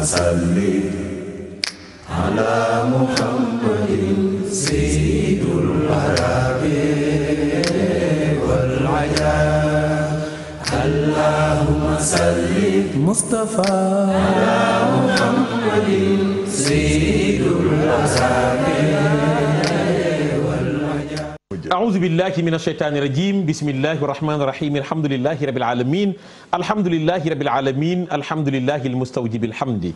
وسل على محمد سيد العرب والعجاب اللهم صل مصطفى على محمد سيد أعوذ بالله من الشيطان الرجيم بسم الله الرحمن الرحيم الحمد لله رب العالمين الحمد لله رب العالمين الحمد لله المستوجب الحمد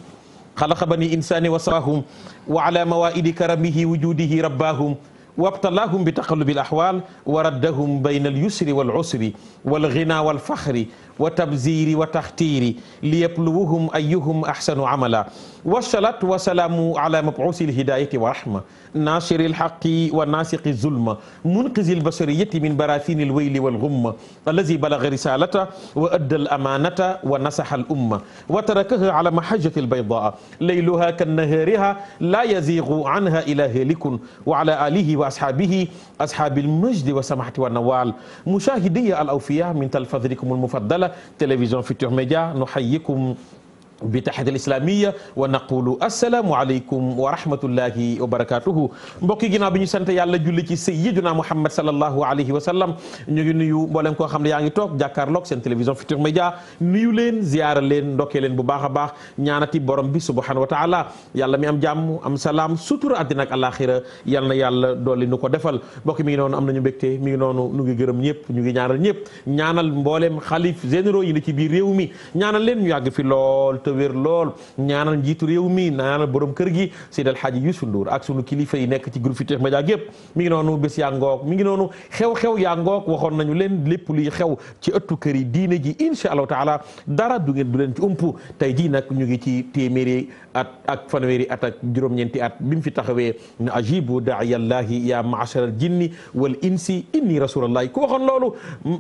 خلق بني إنسان وسواهم وعلى موائد كرمه وجوده رباهم وابتلاهم بتقلب الأحوال وردهم بين اليسر والعسر والغنى والفخر wa tabziri wa taxtiiri li yabluwuhum ayuhum axsanu amala wasalat wasalaamu ala mabuusi lhidayati wa rahma naasiri lxaqi wa naasiqi zulma munqizi lbashariyati min barasini lwayli walgumma allazi balaga risalata wa adda alamanata wa nasaha alumma wa tarakaha ala mahajati albaydaa layluha kannahariha la yazigu anha ila helikun wa ala alihi wa ashabihi ashabi almajdi wa samahati wa nawal mushahidiya alawfiya min talfadrikum almufaddala taala télévision Futur Média nu xayyikum bittaxit al islamiyya wa naqulu assalaamu aleykum wa rahmatullahi wa barakaatuhu mbokki naa bi ñu sant yàlla julli ci sayyiduna muhammad sallallahu alayhi wa sallam ñu ngi nuyu mboolem koo xam ne yaa ngi toog jàkkaarloog seen télévision Futurs Médias nuyu leen ziyaara leen ndokkee leen bu baax a baax ñaanati borom bi subhaanahu wa taala yàlla mi am jàmm am salaam sutura àddina ak alaaxira yal na yàlla dolli nu ko defal mbokki mi ngi noonu am nañu mbégte mi ngi noonu nu ngi gërëm ñëpp ñu ngi ñaanal ñëpp ñaanal mboolem xalif généraux yi ne ci mi wér lool ñaanal njiitu réew mi ñaanal boroom kër gi Seydi El Hadji Youssou Ndour ak sunu kilifa yi nekk ci groupe Futurs Médias gépp mi ngi noonu bés yaa ngoog mi ngi noonu xew-xew yaa ngoog waxoon nañu leen lépp luy xew ci ëttu kër yi diine ji incha allahu taala dara du ngeen du leen ci ump tey jii nag ñu ngi ci téeméeri at ak fanweeri at ak juróom-ñeenti at bi mu fi taxawee ne ajibu daayallahi ya maachara al jinni wal insi inni rasulallahi ku waxoon loolu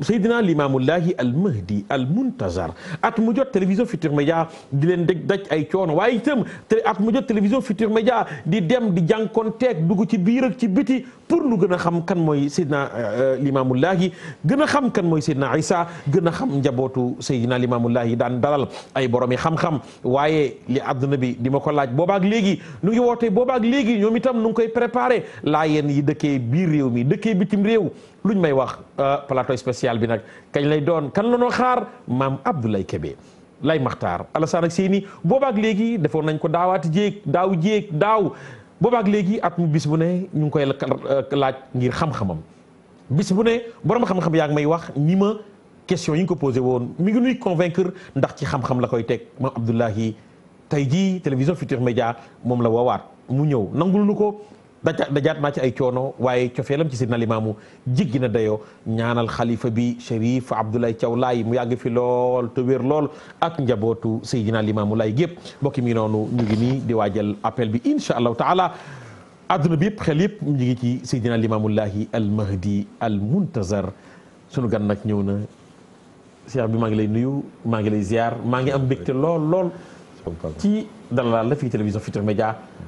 Seydina Limaamullahi al Mahdi al Muntazar at mu jot télévision Futur Média di leen dëj daj ay coono waaye itam at mu jot télévision Futur Média di dem di jànkonteeg dugg ci biir ak ci biti pour nu gën a xam kan mooy Seydina euh, Limaamullahi gën a xam kan mooy Seydina Isa gën a xam njabootu Seydina Limaamullahi daan dalal ay boromi xam-xam waaye li àdduna di ma ko laaj boobaak léegi nu ngi woote boobaak léegi ñoom itam nu ngi koy préparé laa yéen dëkkee biir réew mi dëkkee bitim réew luñ may wax euh, plateau spécial bi nag kañ lay doon kan la noo xaar maam Abdoulaye kebe lay maxtaar Alassane ak Seyni boobaak léegi defoon nañ ko daawaat jéeg daaw jéeg daaw boobaak léegi at mu bis bu ne ñu ngi koy euh, laaj ngir xam-xamam bis bu ne borom xam-xam yaa ngi may wax ni ma question yi nga ko posé woon mi ngi nuy convaincre ndax ci xam la koy teg maam Abdoulaye tey jii télévision Futur Média moom la woowaat mu ñëw nangul nu ko daja dajaat naa ci ay coono waaye cofeelam ci Seydina Limaamu jiggi na dayoo ñaanal xalifa bi Chérif Abdoulaye Thiaw Laye mu yàgg fi lool te lool ak njabootu Seydina Limaamu Laye gépp mbokk mi noonu ñu ngi nii di waajal appel bi incha allahu taala adduna bi yëpp xel yëpp ñu ngi ci Seydina Limaamullahi al Mahdi al Muntazar sunu gan nag ñëw na Cheikh bi maa ngi lay nuyu maa ngi lay ziar maa ngi am mbégte lool. ci dalal la fii télévision Futurs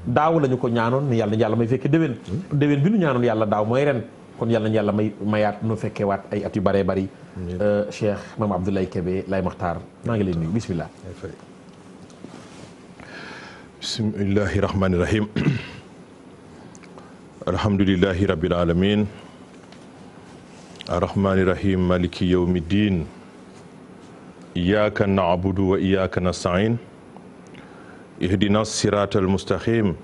daaw la ko ñaanoon ne yàlla yàlla may fekke déwén hmm? déwén bi nu ñaanoon yàlla daaw mooy ren kon yàlla nañu yàlla may mayaat nu fekkee waat ay at yu bëree bëri euh, Cheikh Mame Abdoulaye Kébé Laye Makhtar maa bismillah bismillahi rahmani rahim alhamdulilahi rabbil alamin arrahmani rahim maliki wa iyyaka nasta'in ihdina siraat almustaqim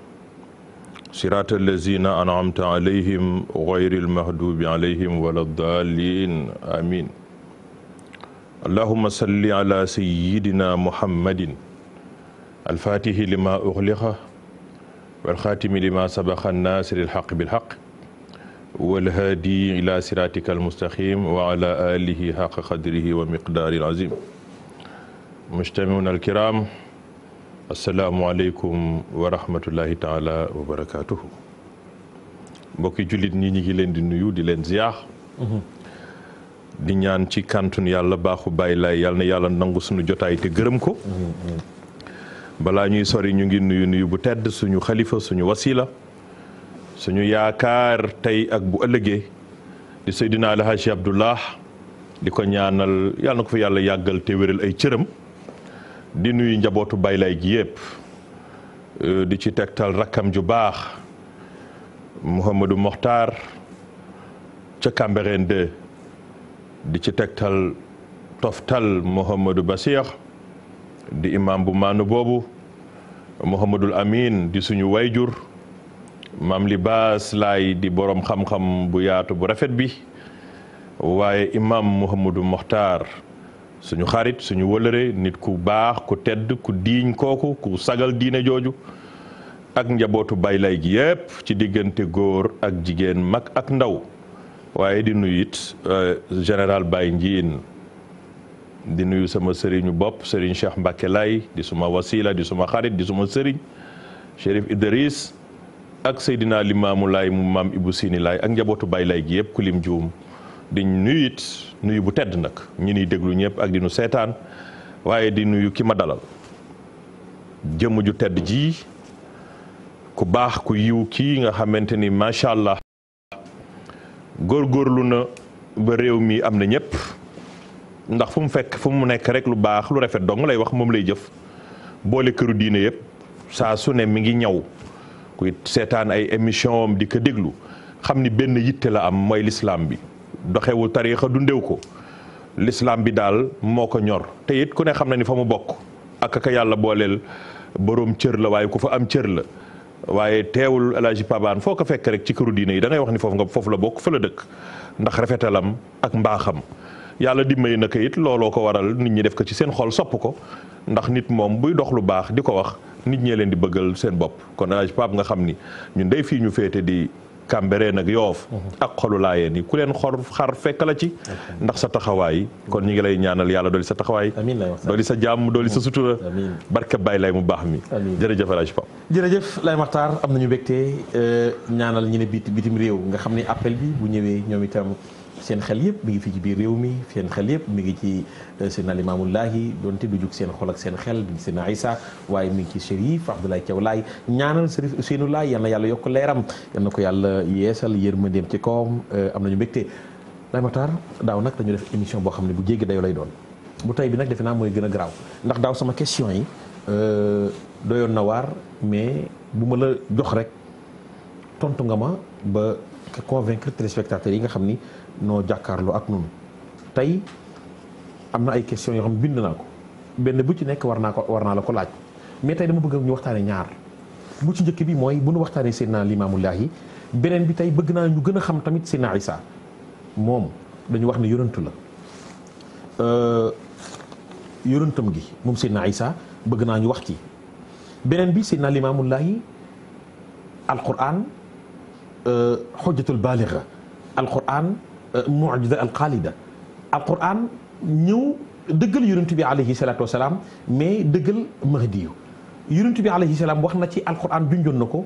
siraat allazina an'amta alayhim ghayril maghdubi alayhim wala ddaalliin amin allahumma salli ala sayyidina muhammadin alfaatihi lima ughliqa walxaatimi lima sabaqa naasiri alxaq bilxaq walhaadi ila siraatika almustaqim wa ala alihi xaqa qadrihi wa miqdaari alazim mujtamiuna alkiram asalaamualeykum wa rahmatullahi taala wa barakaatuhu mbokki jullit ñi ñu ngi leen di nuyu di leen ziar. di ñaan ci kàntun yàlla baaxu bàyyi laay yàlla na yàlla nangu suñu jotaay te gërëm ko balaa ñuy sori ñu ngi nuyu nuyu bu tedd suñu xalifa suñu wasila suñu yaakaar tey ak bu ëllëgee di Seydina Alhaji Abdullah di ko ñaanal yàlla na ko fa yàlla yàggal te wéral ay cëram di nuyu njabootu baylay gi yëpp euh, di ci tegtal rakkam ju baax Mouhamadou Mokhtar ca Cambérène 2 di ci tegtal toftal Mouhamadou Bassir di imam bu maanu boobu Mouhamadul Amin di suñu wayjur maam libaas laay di borom xam-xam bu yaatu bu rafet bi waaye imam Mouhamadou Mokhtar suñu xarit suñu wëlëre nit ku baax ku tedd ku diiñ kooku ku sagal diine jooju ak njabootu baylay gi yépp ci diggante góor ak jigéen mag ak ndaw waaye di nuyu it euh, général Baye Ndiine di nuyu sama sëriñu bopp sëriñ Cheikh Mbacke Lay di suma wasila di suma xarit di suma sëriñ Chérif Idris ak Seydina Limaamu Laay mu maam Ibou Sini Laay ak njabootu Baye Lay gi yépp ku lim juum di nuyut nuyu bu tedd nag ñu nuy déglu ñëpp ak di nu seetaan waaye di nuyu ki ma dalal jëmm ju tedd jii ku baax ku yiw kii nga xamante ni macha allah góor góorlu na ba réew mi am na ñëpp ndax fu mu fekk fu mu nekk rek lu baax lu rafet dong lay wax moom lay jëf boole këru diine yëpp saa su ne mi ngi ñaw kuy seetaan ay émission am di ko déglu xam ni benn yitte la am mooy lislaam bi. doxewul tariixa dundew ko lislaam bi daal moo ko ñor te it ku ne xam na ni fa mu bokk ak ka yàlla booleel boroom cër la waaye ku fa am cër la waaye teewul El Hadj Pabaan foo ko fekk rek ci këru diine yi da wax ni foofu nga foofu la bokk fa la dëkk ndax rafetalam ak mbaaxam yàlla dimbali na ko it looloo ko waral nit ñi def ko ci seen xol sopp ko ndax nit moom buy dox lu baax di ko wax nit ñee leen di bëggal seen bopp kon El Hadj nga xam ni ñu féete di Cambérène ak Yoff ak xolu laayeen yi ku leen xor xar fekk la ci ndax sa taxawaay kon ñu ngi lay ñaanal yàlla dooli sa taxawaay dooli sa jàmm dooli sa sutura barke Baye lay mu baax mi jërëjëf Alaaji Pap jërëjëf Lay Maxtaar am nañu mbégte euh, ñaanal ñi ne bitim réew nga xam ne appel bi bu ñëwee ñoom itam seen xel yëpp mi ngi fi ci biir réew mi seen xel yëpp mi ngi ci euh, Seydina Limaamu Laahi donte du jug seen xol ak seen xel mi ngi Seydina Isa waaye mi ngi ci Chérif Abdoulaye Thiaw Laay ñaanal Chérif Ousseynou Laay yal na yàlla yokk leeram yal na ko yàlla yeesal yërmandeem ci kawam euh, am nañu mbégte Laay Matar daaw nag dañu def émission boo xam ne bu jéggi dayoo lay doon bu tey bi nag defe naa mooy gën a garaaw ndax daaw sama question yi euh, doyoon na waar mais bu ma la jox rek tontu nga ma ba convaincre téléspectateurs yi nga xam ni noo jàkkaarloo ak ñun tey am na ay question yoo xam bind naa ko benn bu ci war naa ko war naa la ko laaj mais tey dama bëgg ñu waxtaanee ñaar bu ci njëkk bi mooy bu nu waxtaanee Seydina Limaamullaahi beneen bi tey bëgg naa ñu gën a xam tamit Seydina Isa moom dañu wax ne yonent la euh, yonentam gi moom Seydina Isa bëgg naa ñu wax ci beneen bi si Seydina Limaamullaahi alquran xujjatul euh, baaliga alquran mujiza al xaalida alquran ñëw dëggal yonent bi alayhi salaatu wasalaam mais dëggal mahdi yu yonent bi alayhi salaam wax na ci alquran junjoon na ko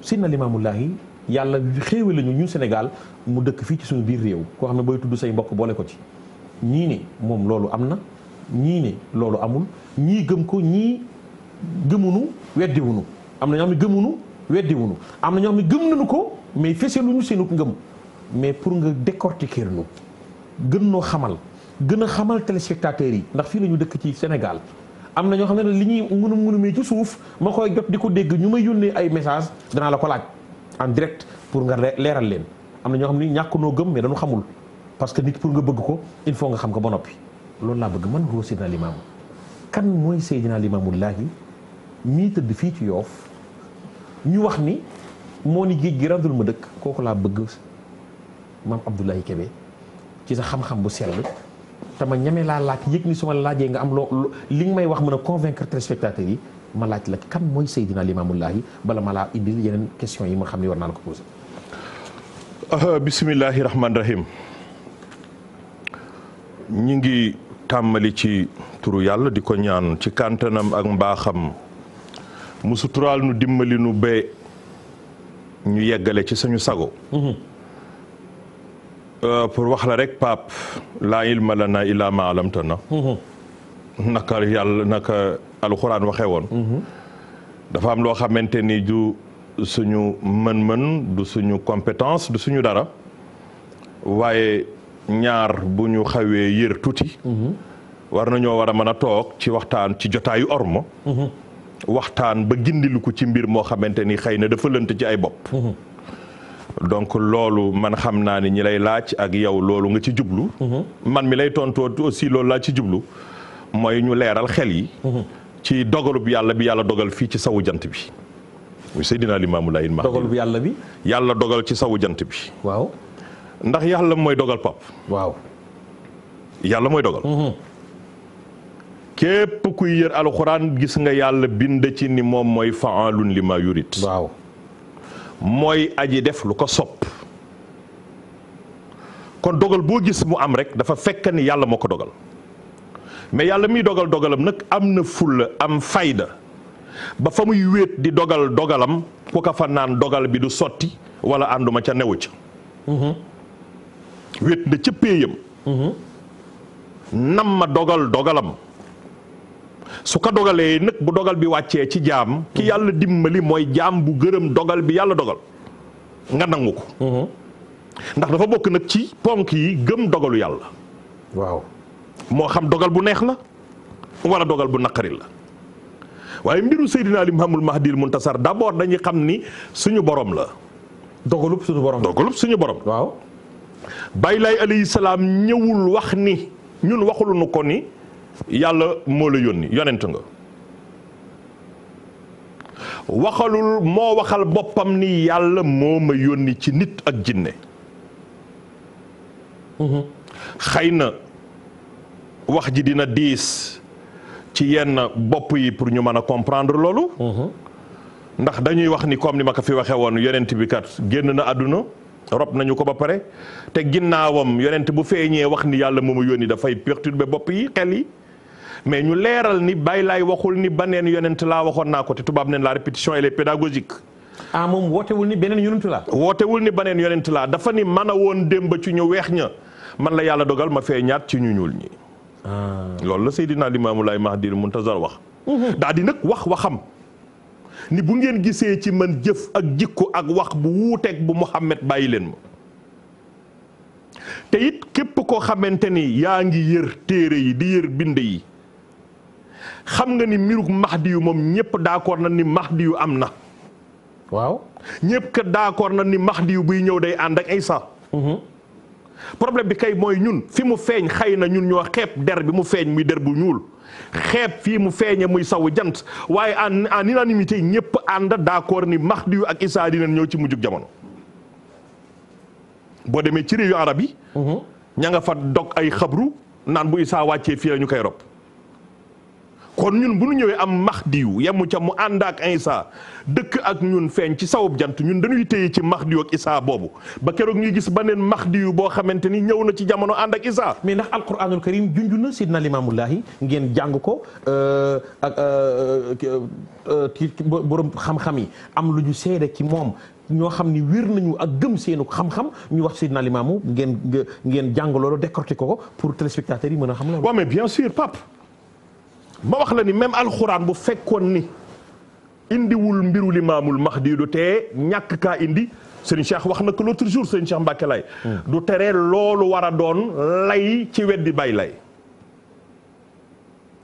sinna limaamullahi yàlla xéewal lañu ñun Sénégal mu dëkk fii ci suñu biir réew koo xam booy tudd say mbokk boole ko ci ñii ne moom loolu am na ñii loolu amul ñii gëm ko ñii gëmunu weddiwunu am na ñoo xam ne am na ñoo xam ne gëm nañu ko mais feseluñu seenuk ngëm mais pour nga décortiquer nu gën noo xamal gën a xamal téléspectateurs yi ndax fii la ñu dëkk ci Sénégal am na ñoo xam ne li ñuy munu munumee ci suuf ma koy jot di ko dégg ñu may yónnee ay message danaa la ko laaj en direct pour nga leeral leen am na ñoo xam ne ñàkk noo gëm mais dañu xamul parce que nit pour nga bëgg ko il faut nga xam ko ba noppi loolu laa bëgg man goo Seydina Limaamu kan mooy Seydina Limaamu Laahi mii tëdd fii ci yoof ñu wax ni moo ni géej gi rendul ma dëkk kooku laa bëgg maam Abdoulaye Kébé ci sa xam-xam bu sell te ma ñeme laa laaj yëg ni su laajee nga am loo li nga may wax mën a convaincre téléspectateurs yi ma laaj la kan mooy Seydina Limaamullaahi bala ma laa indil yeneen question yi ma xam ne war naa la ko posé. Ah, bismillaahi rahmaani rahim ñi ngi tàmbali ci turu yàlla di ko ñaan ci kàntanam ak mbaaxam mu suturaal nu dimbali nu ba ñu yeggale ci suñu sago. Mm-hmm. Euh, pour wax la rek Pape laa ilma lana illaa ma alamtana naka yàlla alxuraan waxee woon dafa am loo xamante ni du suñu mën-mën du suñu compétence du suñu dara waaye ñaar bu ñu xawee yër tuuti war nañoo war a mën a toog ci waxtaan ci jotaayu ormo waxtaan ba gindilu ko ci mbir moo xamante ni xëy na dafa lënt ci ay bopp donc loolu man xam naa ni ñi lay laaj ak yow loolu nga ci jublu. Mhm. man mi lay tontoo aussi loolu laa ci jublu mooy ñu leeral xel yi. Mhm. ci dogalub yàlla bi yàlla dogal fii ci sawu jant bi. muy Seydina Limaamu Laay ma dogalub yàlla bi. yàlla dogal ci sawu jant bi. waaw ndax yàlla mooy dogal pap waaw yàlla mooy dogal. Mhm. képp kuy yër alxuraan gis nga yàlla bind ci ni moom mooy lu limaa yurid. waaw. mooy aji def lu ko sopp kon dogal boo gis mu am rek dafa fekk ni yàlla moo ko dogal mais yàlla miy dogal dogalam nag am na fulla am fayda ba fa muy wéet di dogal dogalam ku ko fa naan dogal bi du sotti wala ànduma ca newu ca mhm. wéet na ca péeyam mhm. nam ma dogal dogalam su ko dogalee nag bu dogal bi wàccee ci jaam ki mm-hmm. yàlla dimbali mooy jaam bu gërëm dogal bi yàlla dogal nga nangu ko mm-hmm. ndax dafa bokk nag ci ponk yi gëm dogalu yàlla waaw moo xam dogal bu neex la wala dogal bu naqari la waaye mbiru Seydina Ali Muhammadul Mahdil Muntasar d'abord dañuy xam ni suñu boroom la dogalub suñu borom dogalub suñu borom waaw salaam ñëwul wax ni ñun waxulunu ko ni yàlla moo la yónni yonent nga waxalul moo waxal boppam ni yàlla moo ma yónni ci nit ak jinne mhm. xëy na wax ji dina diis ci yenn bopp yi pour ñu mën a comprendre loolu mhm. ndax dañuy wax ni comme ni ma ko fi waxee woon yonent bi kat génn na àdduna rob nañu ko ba pare te ginnaawam yonent bu feeñee wax ni yàlla moo ma yónni dafay perturber bopp yi xel yi mais ñu leeral ni bàyyi laay waxul ni ba neen yonent laa waxoon naa ko te tubaab neen la répétition elle est pédagogique. ah moom wootewul ni beneen yonent laa. wootewul ni baneen yonent laa dafa ne man a woon démb ci ñu weex ña man la yàlla dogal ma feeñaat ci ñu ñuul ñi. Ah. loolu la Seydina Limaamu Laay Mahdil Muntazar wax. Mhm. daal di nag wax waxam. ni bu ngeen gisee ci man jëf ak jikko ak wax bu wuuteeg bu Muhammad bàyyi leen ma te it képp koo xamante ni yaa ngi yër téere yi di yër bind yi xam nga ni mbiru max yu moom ñëpp d'accord na ni max yu am na. waaw ñëpp que d'accord na ni Mahdi yu buy ñëw day ànd ak Isa. Mm-hmm. problème bi kay mooy ñun fi mu feeñ xëy na ñun ñoo xeeb der bi mu feeñ muy der bu ñuul xeeb fii mu feeñe muy sawu jant waaye en en unanimité ñëpp ànd d'accord ni max yu ak Isa dinañ ñëw ci mu mujjug jamono. boo demee ci réew yu arab yi. Mm-hmm. ña nga fa dog ay xabru naan bu Isa wàccee fii la ñu koy rob kon ñun bu ñëwee am max Mahdiyu yemu ca mu ànd ak Isa dëkk ak ñun feeñ ci sawub jant ñun dañuy téye ci Mahdiyu ak Isa boobu ba keroog ñuy gis beneen Mahdiyu boo xamante ni ñëw na ci jamono ànd ak Isa. mais ndax alquranul karim junj na sidna limaamullahi ngeen jàng ko euh, ak ci euh, borom xam-xam yi am lu ñu seede ci moom. ñoo xam ni wér nañu ak gëm seenu xam-xam ñu wax Seydina Limaamu ngeen ngeen jàng loolu décortiquer ko pour téléspectateurs yi mën a xam loolu. waaw mais bien sûr Pape. ma wax la ni même alxuraan bu fekkoon ni indiwul mbiru limaamul mahdi du te ñàkk kaa indi sëriñ Cheikh wax na ko l'autre jour sëriñ Cheikh lay hmm. du tere loolu war a doon lay ci weddi bay lay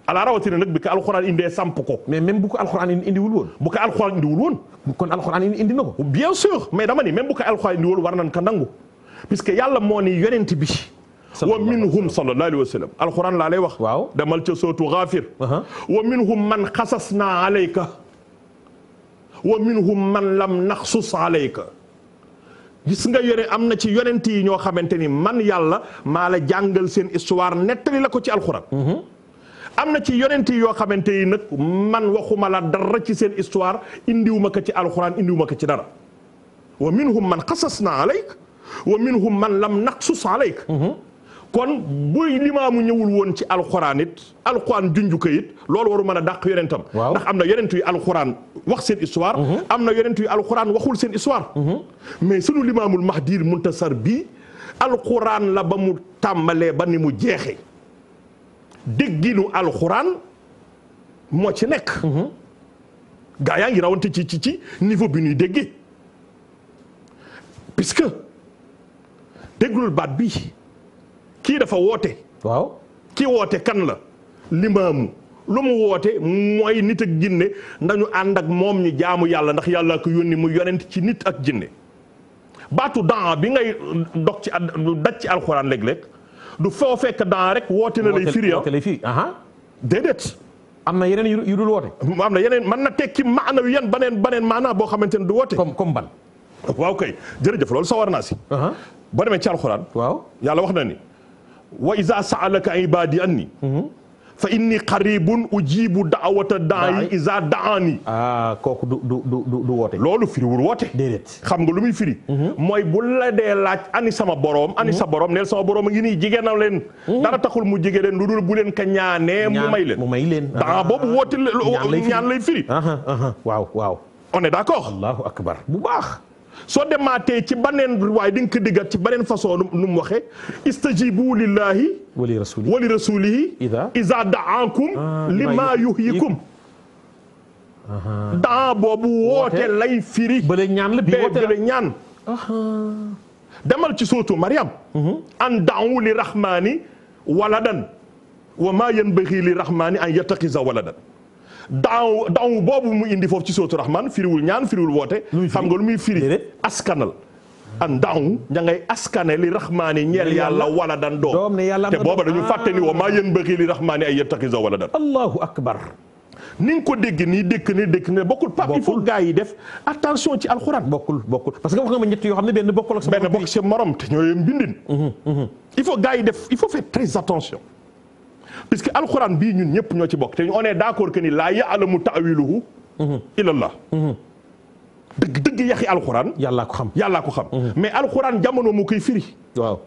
ala rawatina nag bi ko alxuraan indee samp ko. mais même bu ko alxuraan indiwul woon. bu ko alxuraan indiwul woon. kon alxuraan indi na ko. bien sûr mais dama ni même bu ko alxuraan indiwul war nañ ko nangu. que yàlla moo ni yonent bi. wa minhum sallallahu alayhi wa sallam alquran laa lay wax waaw demal ca sootu Ghafir wa minhum man xasasnaa alayka wa minhum man lam naxsus alayka gis nga yore am na ci yonent yi ñoo xamante ni man yàlla maa la jàngal seen histoire nettali la ko ci alquran mhm. am na ci yonent yi yoo xamante yi nag man waxuma la dara ci seen histoire indiwuma ko ci alquran indiwuma ko ci dara wa minhum man xasasnaa alayka wa minhum man lam naxsus alayka mhm. kon buy limaamu ñëwul woon ci alxuraan it alxuraan junj ko it loolu waru mën a dàq yonentam ndax am na yonent yu alxuraan wax seen histoire mhm. am na yonent yu alxuraan waxul seen histoire mhm. mais sunu limaamul mahdir muntasar bii alxuraan la ba mu tàmbalee ba ni mu jeexe dégginu alxuraan moo ci nekk mhm. gaa yaa ngi rawante ci ci ci niveau bi ñuy déggee puisque déglul baat bi kii dafa woote. waaw ki woote kan la limaamu lu mu woote mooy nit ak jinne nañu ànd ak moom ñu jaamu yàlla ndax yàllaa ko yónni mu yonent ci nit ak jinne baatu daa bi ngay dox ci a daj ci alxuraan léeg-léeg du foo fekk daa rek woote la lay firi ah. woote lay firi déedéet am na yeneen yu dul woote am na yeneen mën na tekki maana yan baneen baneen maanaa boo xamante ne du woote comme ban waaw kay jërëjëf loolu sawar naa si boo demee ci alxuraan yàlla wax na ni wa iza sa'alaka ibadi anni mhm. fa inni qaribun ujibu da'wata da'i iza da'ani ah kooku du du du woote. loolu firiwul woote. déedéet xam nga lu muy firi. Mhm. mooy bu la dee laaj ani sama borom. ani mhm. sa borom neel sama borom a ngi nii na leen. dara taxul mu jigéen leen lu dul bu leen ka ñaanee. mu may leen mu may leen. daa ah. boobu woote ñaan lay firi. waaw waaw. on est bu baax. soo demaatee ci baneen waaye di nga ko diggat ci baneen façon nu mu waxee istajibu lillahi wali rasulihi wali rasulihi iza da'akum ah, lima yuhyikum daa boobu woote lay firi bële ñaan la bi woote la ñaan sootu Mariam mhm. an da'u li rahmani waladan wa ma yanbaghi li rahmani an yattaqiza waladan daaw daaw boobu mu indi foofu ci sootu rahman firiwul ñaan firiwul woote. xam nga lu muy firi askanal. an daaw ña ngay li rahmaani ñeel yàlla wala dan doom te booba dañu fàtte ni wa maa yéen bëgg li rahmaani ay yattaxiza wala dan. allahu akbar. ni ko dégg nii dëkk ne dëkk ne bokkul. Pape il yi def attention ci alxuraan. bokkul bokkul parce que wax nga ma ñett yoo xam ne benn bokkul ak sa morom. benn bokk sa morom te ñooy bindin. Mhm, mhm. il faut gars yi def il faut faire très attention. parce que alxuraan bii ñun ñëpp ñoo ci bokk te on est d'accord que ni laa ya'lamu ta'wiluhu ilallah dëgg dëgg yaxi alxuraan. yàllaa ko xam yàllaa ko xam. mais alxuraan jamono mu koy firi. waaw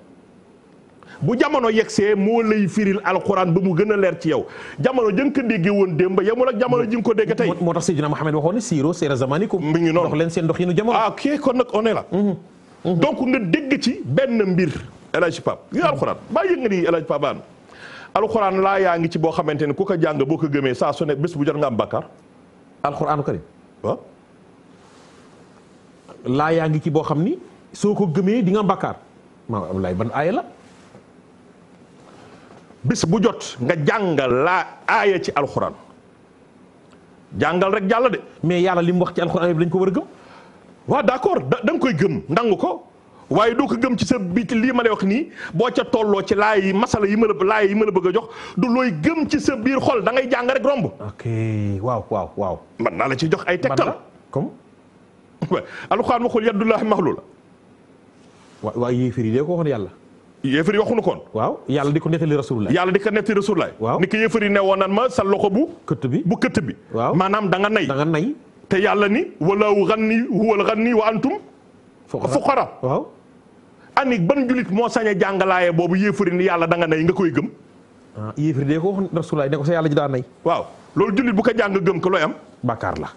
bu jamono yegsee moo lay firil alxuraan ba mu gën a leer ci yow jamono jënk ko woon démb yemul ak jamono ji nga ko dégg tey. moo tax Seydina Mohamed waxoon ne siiroo seera zamanikum. mi ngi noonu dox leen seen dox yi nu jamono. ah kii kon nag on est mhm. Mhm. donc nga dégg ci benn mbir. El Hadj Pape lii alxuraan baa yëg nga alxuraan laa yaa ngi ci boo xamante ne ku ko jàng boo ko gëmee saa su ne bés bu jot nga am laa yaa ngi ci boo xam ni soo ko gëmee di nga am bakkar maa Abdoulaye ban aaya la. bis bu jot nga jàngal laa aaya ci alxuraan jàngal rek jàlla de. mais yàlla li mu wax ci alxuraan yëpp dañ ko war a gëm. waaw d'accord da koy gëm ndang ko. waaye doo ko gëm ci sa bi lii ma lay wax nii boo ca tolloo ci laay yi masala yi ma la yi ma la bëgg a jox du looy gëm ci sa biir xol da ngay jàng rek romb. waaw waaw waaw. man naa la ci jox ay tegtal. comme. alxuraan waxul yadullaahi maxluula. wa waaye yéefar yi dee ko waxoon yàlla. yéefar yi waxuñu koon. waaw yàlla di ko nettali rasulullah. yàlla di ko nettali rasulullah. waaw ni ko yéefar ne woon nan ma sa loxo bu. këtt bi bu këtt bi. waaw maanaam da nga nay da te yàlla ni wala wu xan ni wa antum. fuqara ani ban julit moo sañ a boobu yéefari ni yàlla danga nga nay nga koy gëm. ah yéefari de ko rasulaay ne ko sa yàlla ji daa waaw loolu julit bu ko jàng gëm ko looy am. la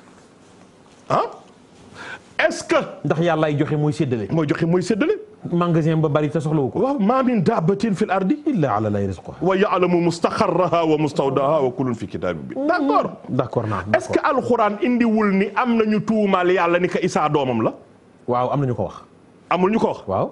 ah? est-ce que. ndax yàlla ay joxe mooy séddale. mooy joxe mooy seddale magasin ba bari ta soxlawu ko. waaw maa min daabatin fil ardi. illa ala lay rizquha. wa yaalamu mustaqarraha wa mustawdaaha wa kullun fi kitaabin bi. d'accord mm, d'accord naa est-ce que alxuraan indiwul ni am nañu tuumaal yàlla ni ko Isaa doomam la. waaw am nañu ko wax. amul ñu ko wax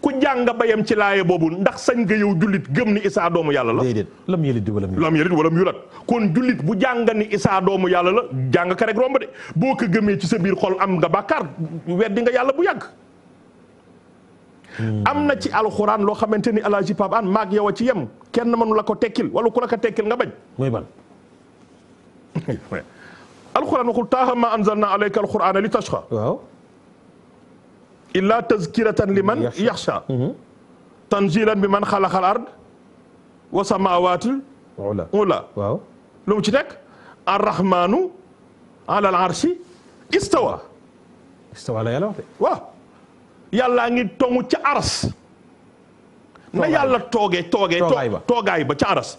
ku jàng bayam ci laaye boobu ndax sañ nga yow jullit gëm ni isaa doomu yàlla la déedéet lam yëlit di lam mu yulat kon jullit bu jànga ni isaa doomu yàlla la jàng ka rek romb de boo ko gëmee ci sa biir xol am nga bàkkaar weddi nga yàlla bu yàgg hmm. am na ci alxuraan loo xamante ni alaaji Pape Hann maag ci yem kenn mënu la ko tekkil wala ku la ko tekkil nga bañ mooy ban alxuraan waxul taaha ma anzalna alayka alxuraan li tashqa waaw illaa tazkiratan liman yaxsha mhm. tanzilan bi man xalaqal ard wa samaawaati ula waaw lu mu ci teg arrahmaanu alal arshi istawa istawa la yàlla wax de waaw yàllaa ngi tongu ca aras na yàlla toogee toogee toogaay ba ca aras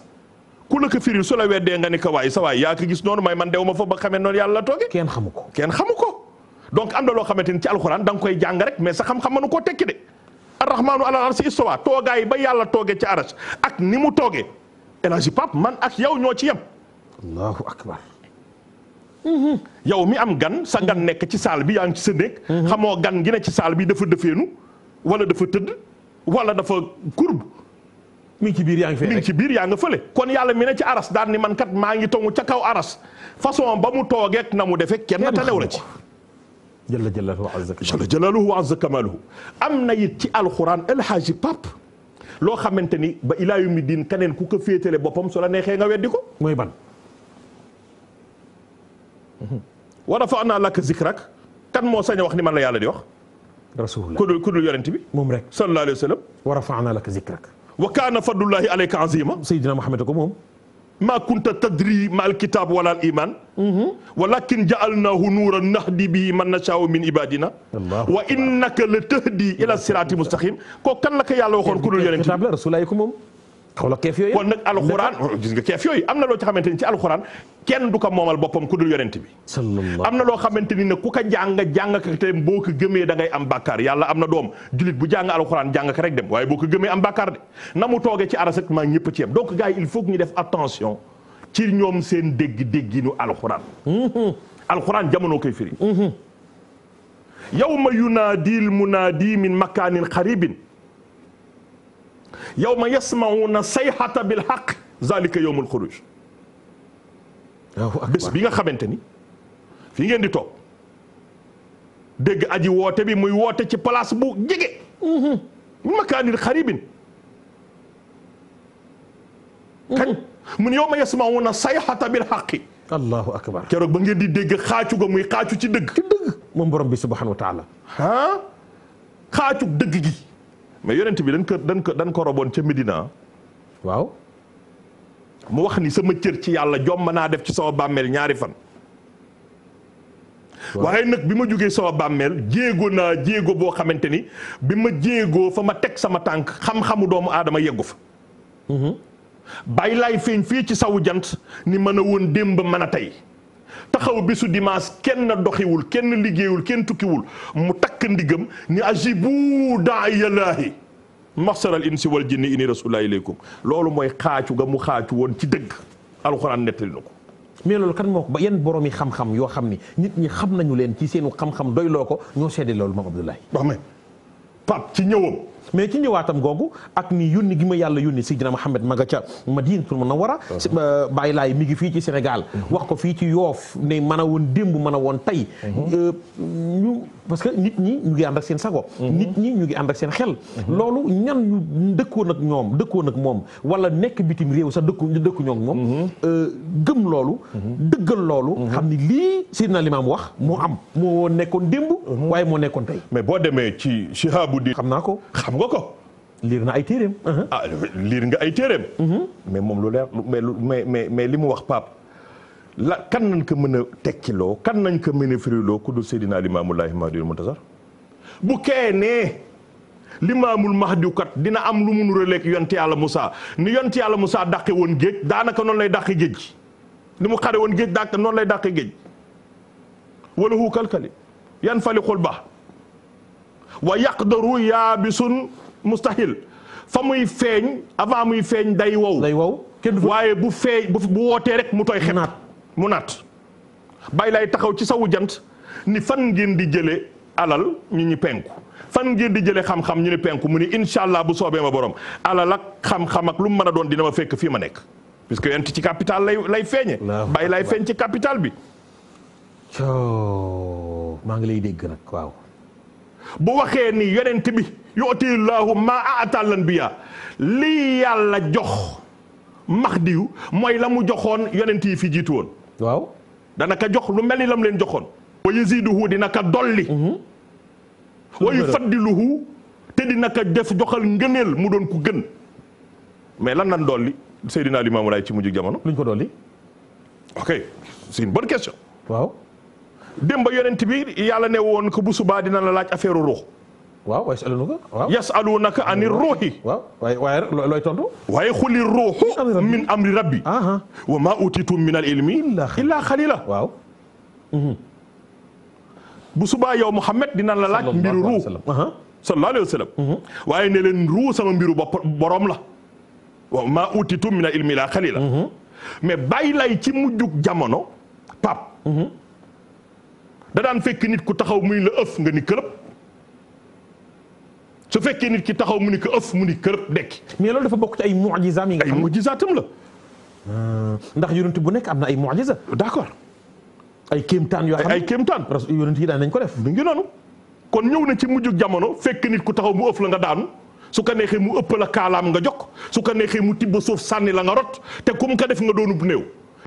ku la ko firil su la weddee nga ni ko waay sa waay yaa ko gis noonu may man dew ma fa ba xamee noonu yàlla la toogee kenn xamu ko kenn xamu ko donc am na loo xamante ni ci alxuraan da koy jàng rek mais sa xam-xam mënu koo tekki de arrahmaanu alal arsi istawa toogaay ba yàlla tooge ci aras ak ni mu toogee El Hadji Pape man ak yow ñoo ci yem. allahu akbar. Mhm. yow mi am gan sa gan mhm. nekk ci saal bi yaa ngi ci sa néeg. Mhm. xamoo gan gi ne ci saal bi dafa dëfeenu wala dafa tëdd wala dafa courbe. mi ngi ci biir yaa ngi fee ci biir yaa nga fële. kon yàlla mi ne ci aras daan ni man kat maa ngi tongu ca kaw aras façon ba mu toogeek na mu defee kenn talew la ci. jalla jalaaluhu azza kamaaluhu jalla jalaaluhu azza kamaaluhu am na it ci alxuraan alxaaji pap loo xamante ni ba ilaa yawmi diin keneen ku ko féetale boppam su la neexee nga weddi ko mooy ban wa rafa'naa laka zikrak kan moo sañ a wax ni man la yàlla di wax rasulullah ku dul ku dul yonent bi moom rek sallallahu alayhi wa sallam wa rafa'naa laka zikrak wa kaana fadlullahi alayka azima sayyidina Muhammad ko moom ma kunta tadri ma alkitab wala al iman mhm. walakin jaalnahu nuuran nahdi bi man nashaau min ibadina wa innaka la tahdi ila sirati mustaqim ko kan la ko yàlla waxoon ku dul yonent bi xawla keef yooyu kon nag alxuraan gis nga keef yooyu am na loo ci xamante ni ci alxuraan kenn du ko moomal boppam ku dul yonent bi am na loo xamante ni nag ku ko jàng jàng ka te boo ko gëmee da am bàkkaar yàlla am na doom julit bu jàng alxuraan jàng ka rek dem waaye boo ko gëmee am bàkkaar de na mu toogee ci aras ak maa ñëpp ci yem donc gars yi il faut que ñu def attention ci ñoom seen dégg-dégginu alxuraan mm-hmm. alxuraan jamono koy firi mm-hmm. yawma yunaadil munaadi min makaanin xaribin yow yawma yasma'una sayhata bil haqq zalika yawmul xuruj bés bi nga xamante ni fii ngeen di toog dégg aji woote bi muy woote ci place bu jege. min makaanil xaribin kañ mun yawma yasma'una sayhata bil haqqi allahu akbar keroog ba ngeen di dégg xaacu ga muy xaacu ci dëgg. ci dëgg moom borom bi subhanahu wa taala. ah xaacu dëgg gi. mais yonent bi dañ ko dañ ko dañ ko roboon ca Medina. waaw. mu wax ni sama cër ci yàlla jomb naa def ci sama bàmmeel ñaari fan. waaye nag bi ma jógee sama bàmmeel jéego naa jéego boo xamante ni bi ma jéegoo fa ma teg sama tànk xam-xamu doomu aadama yeggu fa. Mhm. bàyyi laay feeñ fii ci sawu jant ni mën a woon démb mën a tey. taxaw bésu dimaas kenn doxiwul kenn liggéeyul kenn tukkiwul mu takk ndigam ni ajibu daayallaahi maxsaral insi wal jinni inni rasulullah ilaykum loolu mooy xaacu ga mu xaacu woon ci dëgg alxuraan nettali na ko mais loolu kan moo ba yenn borom yi xam-xam yoo xam ni nit ñi xam nañu leen ci seenu xam-xam doyloo ko ñoo seede loolu moom Abdoulaye. wax mais ci ñëwam. mais ci ñëwaatam googu ak ni yónni gi ma yàlla yónni Seydina Muhammad ma nga ca Madinatul Munawwara uh-huh. euh, Baay Laay mi ngi fii ci Sénégal uh-huh. wax ko fii ci Yoof ne mën a woon démb mën a woon tey uh-huh. euh, ñu parce que nit ñi ñu ngi ànd ak seen sago nit ñi ñu ngi ànd ak seen xel loolu ñan dëkkoon ak ñoom dëkkoon ak moom wala nekk bitim réew sa dëkku dëkku ñoom moom euh, gëm loolu dëggal loolu xam ni lii Seydina Limaam wax moo am moo nekkoon démb waaye moo nekkoon tey mais boo demee ci Shihabuddin xam naa ko xam nga ko. liir na ay téeréem. Uh-huh. Ah, liir nga ay téeréem. Uh-huh. mais moom lu leer mais mais mais li mu wax Pape la kan nañ ko mën a tekkiloo kan nañ ko mën a firiloo ku dul Seydina Limaamu Laahi Mahdiyul Muntazar bu kee nee limaamul Mahdiyu kat dina am lu mu nuróoleeg yonti yàlla Moussa ni yonti yàlla Moussa dàqe woon géej daanaka noonu lay dàqe géej li mu xare woon géej daanaka noonu lay dàqe géej wala hu kalkali yan fali xul ba wa yaqdaru yaabisun mustahil fa muy feeñ avant muy feeñ day wow. day wow waaye bu feeñ bu wootee rek mu tooy xepp. mu naat bay lay taxaw ci sawu jant ni fan ngeen di jëlee alal ñu ñu penku fan ngeen di jëlee xam-xam ñu ni penku mu ni incha allah bu soobee ma borom alal ak xam-xam ak lu mu mën a doon dina ma fekk fii ma nekk. parce que yent ci capital lay lay feeñe bay lay feeñ ci capital bi. maa ngi lay dégg bu waxee ni yonent bi yu'tillaahu maa a'tal anbiyaa lii yàlla jox Mahdiyu mooy la mu joxoon yonent yi fi jiitu woon. waaw danaka jox lu mel ni la mu leen joxoon. wa yaziiduhu dina ka dolli. Mhm. wa yufaddiluhu te dina ka def joxal ngëneel mu doon ku gën. mais lan nan dolli Seydina Limaamu Laay ci mujj jamono. luñ ko dolli. ok c'est une bonne question. démb yonent bi yàlla ne woon ko bu subaa dina la laaj affaire ruux. waaw waaye waaw yasalunaka ani ruuxi. waaw waaye waaye looy tontu. waaye xuli ruuxu. min amri rabbi. wa maa utitum mhm. dina la laaj. ruux sallallahu alayhi wa sallam. Mhm. waaye ne leen ruux sama mbiru bopp borom la. waaw maa utitum min al ilmi illa xalila mhm. mais bàyyi lay ci mujjug jamono pap da daan fekk nit ku taxaw muy la ëf nga ni kërëb su fekkee nit ki taxaw mu ni ko ëf mu ni kërëb dekki. mais loolu dafa bokk ci ay mucjizam yi nga xam ay mucjizaatam la. Ah, ndax yonent bu nekk am na ay mucjiza. d'accord ay kéemtaan yoo xam ne ay kéemtaan. yonent yi daan nañ ko def. du ngi noonu kon ñëw na ci mujj jamono fekke nit ku taxaw mu ëf la nga daanu. su ko neexee mu ëppa la kaalaam nga jokk su ko neexee mu tibb suuf sànni la nga rot te kum ko def nga doonub néew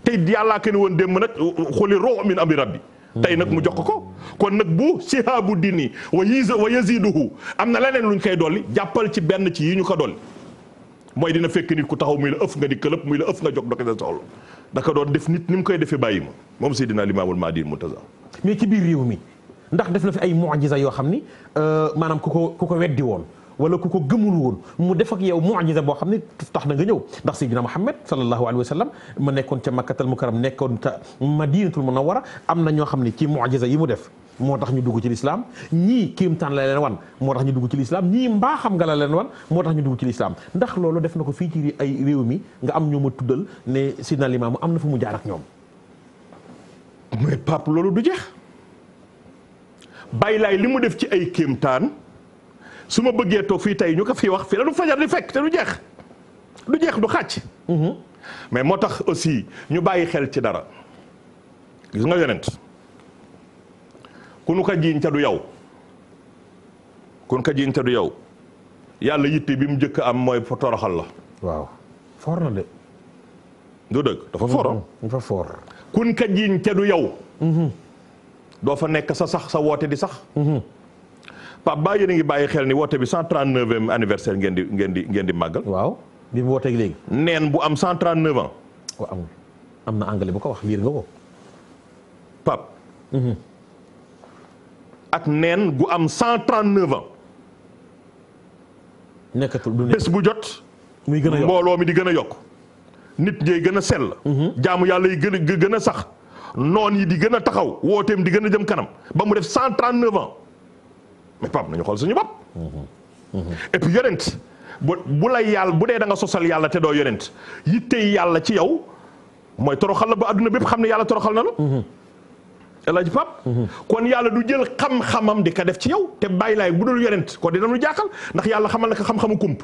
te yàllaa ke ne woon démb nag xooli roo min amri rabbi tey nag mu jox ko kon nag bu sihaabu dini wa yi wa yaziduhu am na leneen lu ñu koy dolli jàppal ci benn ci yi ñu ko dolli mooy dina fekk nit ku taxaw muy la ëf nga di këlëb muy la ëf nga jog doke sa soxla da doon def nit ni mu koy defee bàyyi ma moom Seydina Limaamul Mahdi Murtaza mais ci biir réew mi ndax def na fi ay mu'jiza yoo xam ni euh, maanaam ku ko ku ko weddi woon wala ku ko gëmul woon mu def ak yow mujiza boo xam ne tax na nga ñëw ndax sayyidina Muhammad sallallahu alayhi wa sallam ma nekkoon ca makkatal mukarram nekkoon ca madinatul munawwara am na ñoo xam ne ci mujiza yi mu def moo tax ñu dugg ci lislaam ñii kéemtaan la leen wan moo tax ñu dugg ci lislaam ñii mbaaxam nga la leen wan moo tax ñu dugg ci ndax loolu def na ko fii ci ay réew mi nga am ñoo ma tuddal ne Seydina Limaamu am na fu mu jaar ak ñoom mais Pape loolu du jeex bàyyi laay li mu def ci ay kéemtaan su ma bëggee toog fii tey ñu ko fii wax fii la du fajar di fekk te du jeex du jeex du xàcc. Mm-hmm. mais moo tax aussi ñu bàyyi xel ci dara gis nga yonent ku ka jiiñ te du yow ku nu jiiñ te yow yàlla yitte bi mu njëkk am mooy toroxal la. waaw foor dafa foor ah. mm-hmm. foor. kun ka jiiñ te du yow. Mm-hmm. doo fa nekk sa sax sa woote di sax. Pape Ba yéen a ngi bàyyi xel ni woote bi 139e anniversaire ngeen di ngeen di ngeen di waaw bi mu wooteeg léegi. neen bu am 139 ans. waaw amul am na anglais bu ko wax liir nga ko. Mhm. neen gu am 139 ans. nekkatul du nekk bés bu jot. muy gën a mbooloo mi di gën a yokk. nit ñiy gën a sell. Mhm. jaamu yàlla yi gën a gën a sax. noon yi di gën a taxaw wooteem di gën a jëm kanam ba mu def 139 ans. mais Pape nañu xool suñu bopp. et yonent bu bu lay yàlla bu dee da nga sosal yàlla te doo yonent yittey yàlla ci yow mooy toroxal la ba adduna bépp xam ne yàlla toroxal na la. El Hadj Pape kon yàlla du jël xam-xamam di ko def ci yow te bàyyi laay bu dul yonent kon dina lu jaaxal ndax yàlla xamal na ko xam-xamu kump.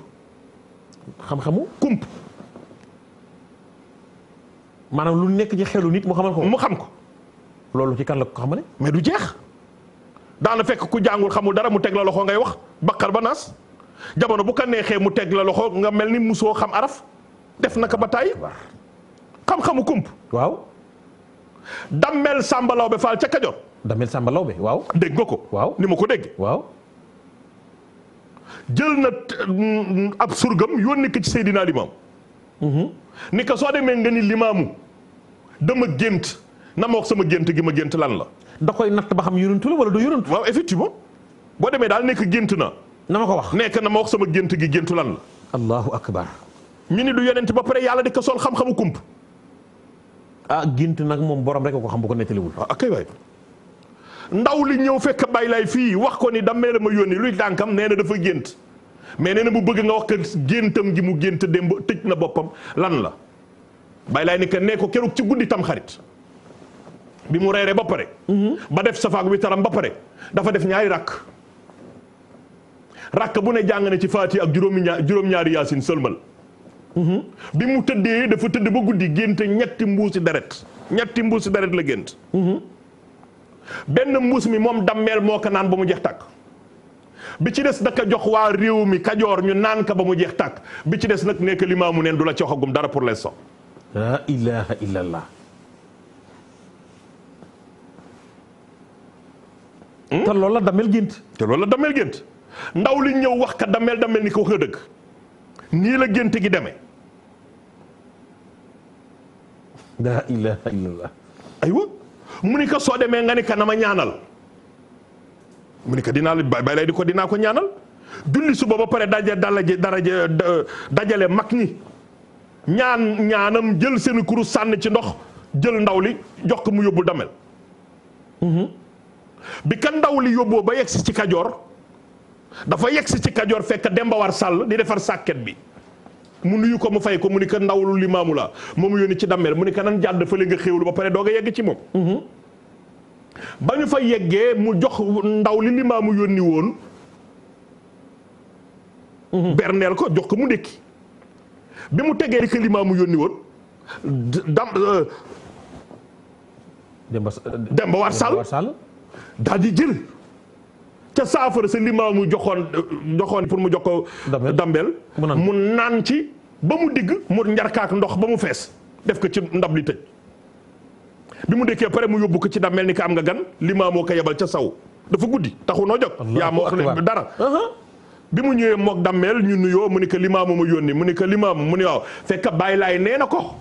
xam-xamu kump. maanaam lu nekk ci xelu nit mu xamal ko. mu xam ko. loolu ci kan la ko xamale mais du jeex. daana fekk ku jàngul xamul dara mu teg la loxo ngay wax baqar ba naas jamono bu ko neexee mu teg la loxo nga mel ni musoo xam araf def na naka ba tàyyi xam-xamu kump waaw dammel sàmbalaw be faal ca Kajoor dammel sàmbalaw be waaw dégg nga ko waaw ni ma ko dégg waaw jël na mm, ab surgam yónni ko ci Seydina Limaam mm-hmm. ni ko soo demee nga ni limaamu dama gént na ma wax sama gént gi ma gént lan la da koy natt ba xam yonantu la wala du yonantu. waaw effectivement boo demee daal nekk gént na. na ma ko wax nekk na ma wax sama gént gi géntu lan la. allahu akbar. ñu ni du yonent ba pare yàlla di sol xam-xamu kump. Ah, nag moom borom rek ko xam bu ko nettaliwul. ah kay ndaw li ñëw fekk bay lay fii wax ko ni dammee la ma yónni luy tànkam nee na dafa gént mais nee na bu bëgg nga wax ko géntam gi mu gént démb tëj na boppam lan la bay lay ni que ko keroog ci guddi tamxarit bi mu reeree ba pare. Mhm. ba def safaak witaram ba pare dafa def ñaari rakk rakk bu ne jàng na ci faati ak juróomi ñaar juróom-ñaari yaasin sëlmal. Mhm. bi mu tëddee dafa tëdd ba guddi génte ñetti mbuusi deret ñetti mbuusi deret la gént. Mhm. benn mbuus mi moom dammeel moo ko naan ba mu jeex tàkk. bi ci des daka jox waa réew mi kajoor ñu naan ka ba mu jeex tàkk bi ci des nag nekk limaamu neen du la ci dara pour l'instant. la ilaha illallah. Hmm? te loolu la damel gént. te loolu la ndaw li ñëw wax ka damel damel ni ko wax nga dëgg nii la gént gi deme laa ilaaha illallaah. aywa mu ni ko soo demee nga ni kanam na ñaanal mu ni ko dinaa la bay lay di ko dinaa ko ñaanal julli suba ba pare daje dalaje daraje dajale mag ñi ñaan ñaanam jël seeni i kurus sànni ci ndox jël ndaw li jox ko mu yóbbu damel. Mm-hmm. bi ka ndaw li yóbboo ba yegsi ci kajoor dafa yegsi ci kajoor fekk Demba War Sàll di defar sàkket bi mu nuyu ko mu fay ko mu ni ko ndawlu li maamu la moom yónni ci dammeel mu ni ko nan jàdd fële nga xéewlu ba pare doog a yegg ci moom mm-hmm. ba ñu fa yeggee mu jox ndaw li limaamu yónni woon mm-hmm. berneel ko jox ko mu ndékki bi mu tegee li ko limaamu yónni woon dam euh, Demba War Sàll daal di jël ca saafara sa limaa mu joxoon joxoon pour mu jox ko dambeel mu naan ci ba mu digg mu njarkaak ndox ba mu fees def ko ci ndab li tëj bi mu dekkee pare mu yóbbu ko ci dambeel ni ko am nga gan limaa moo ko yebal ca saw dafa guddi taxu noo jox yaa ma wax ne dara uh-huh. bi mu ñëwee mook dammeel ñu nuyoo mu ni ko limaamu ma yónni mu ni ko limaam mu ni waaw fekk bàyyi laay nee na ko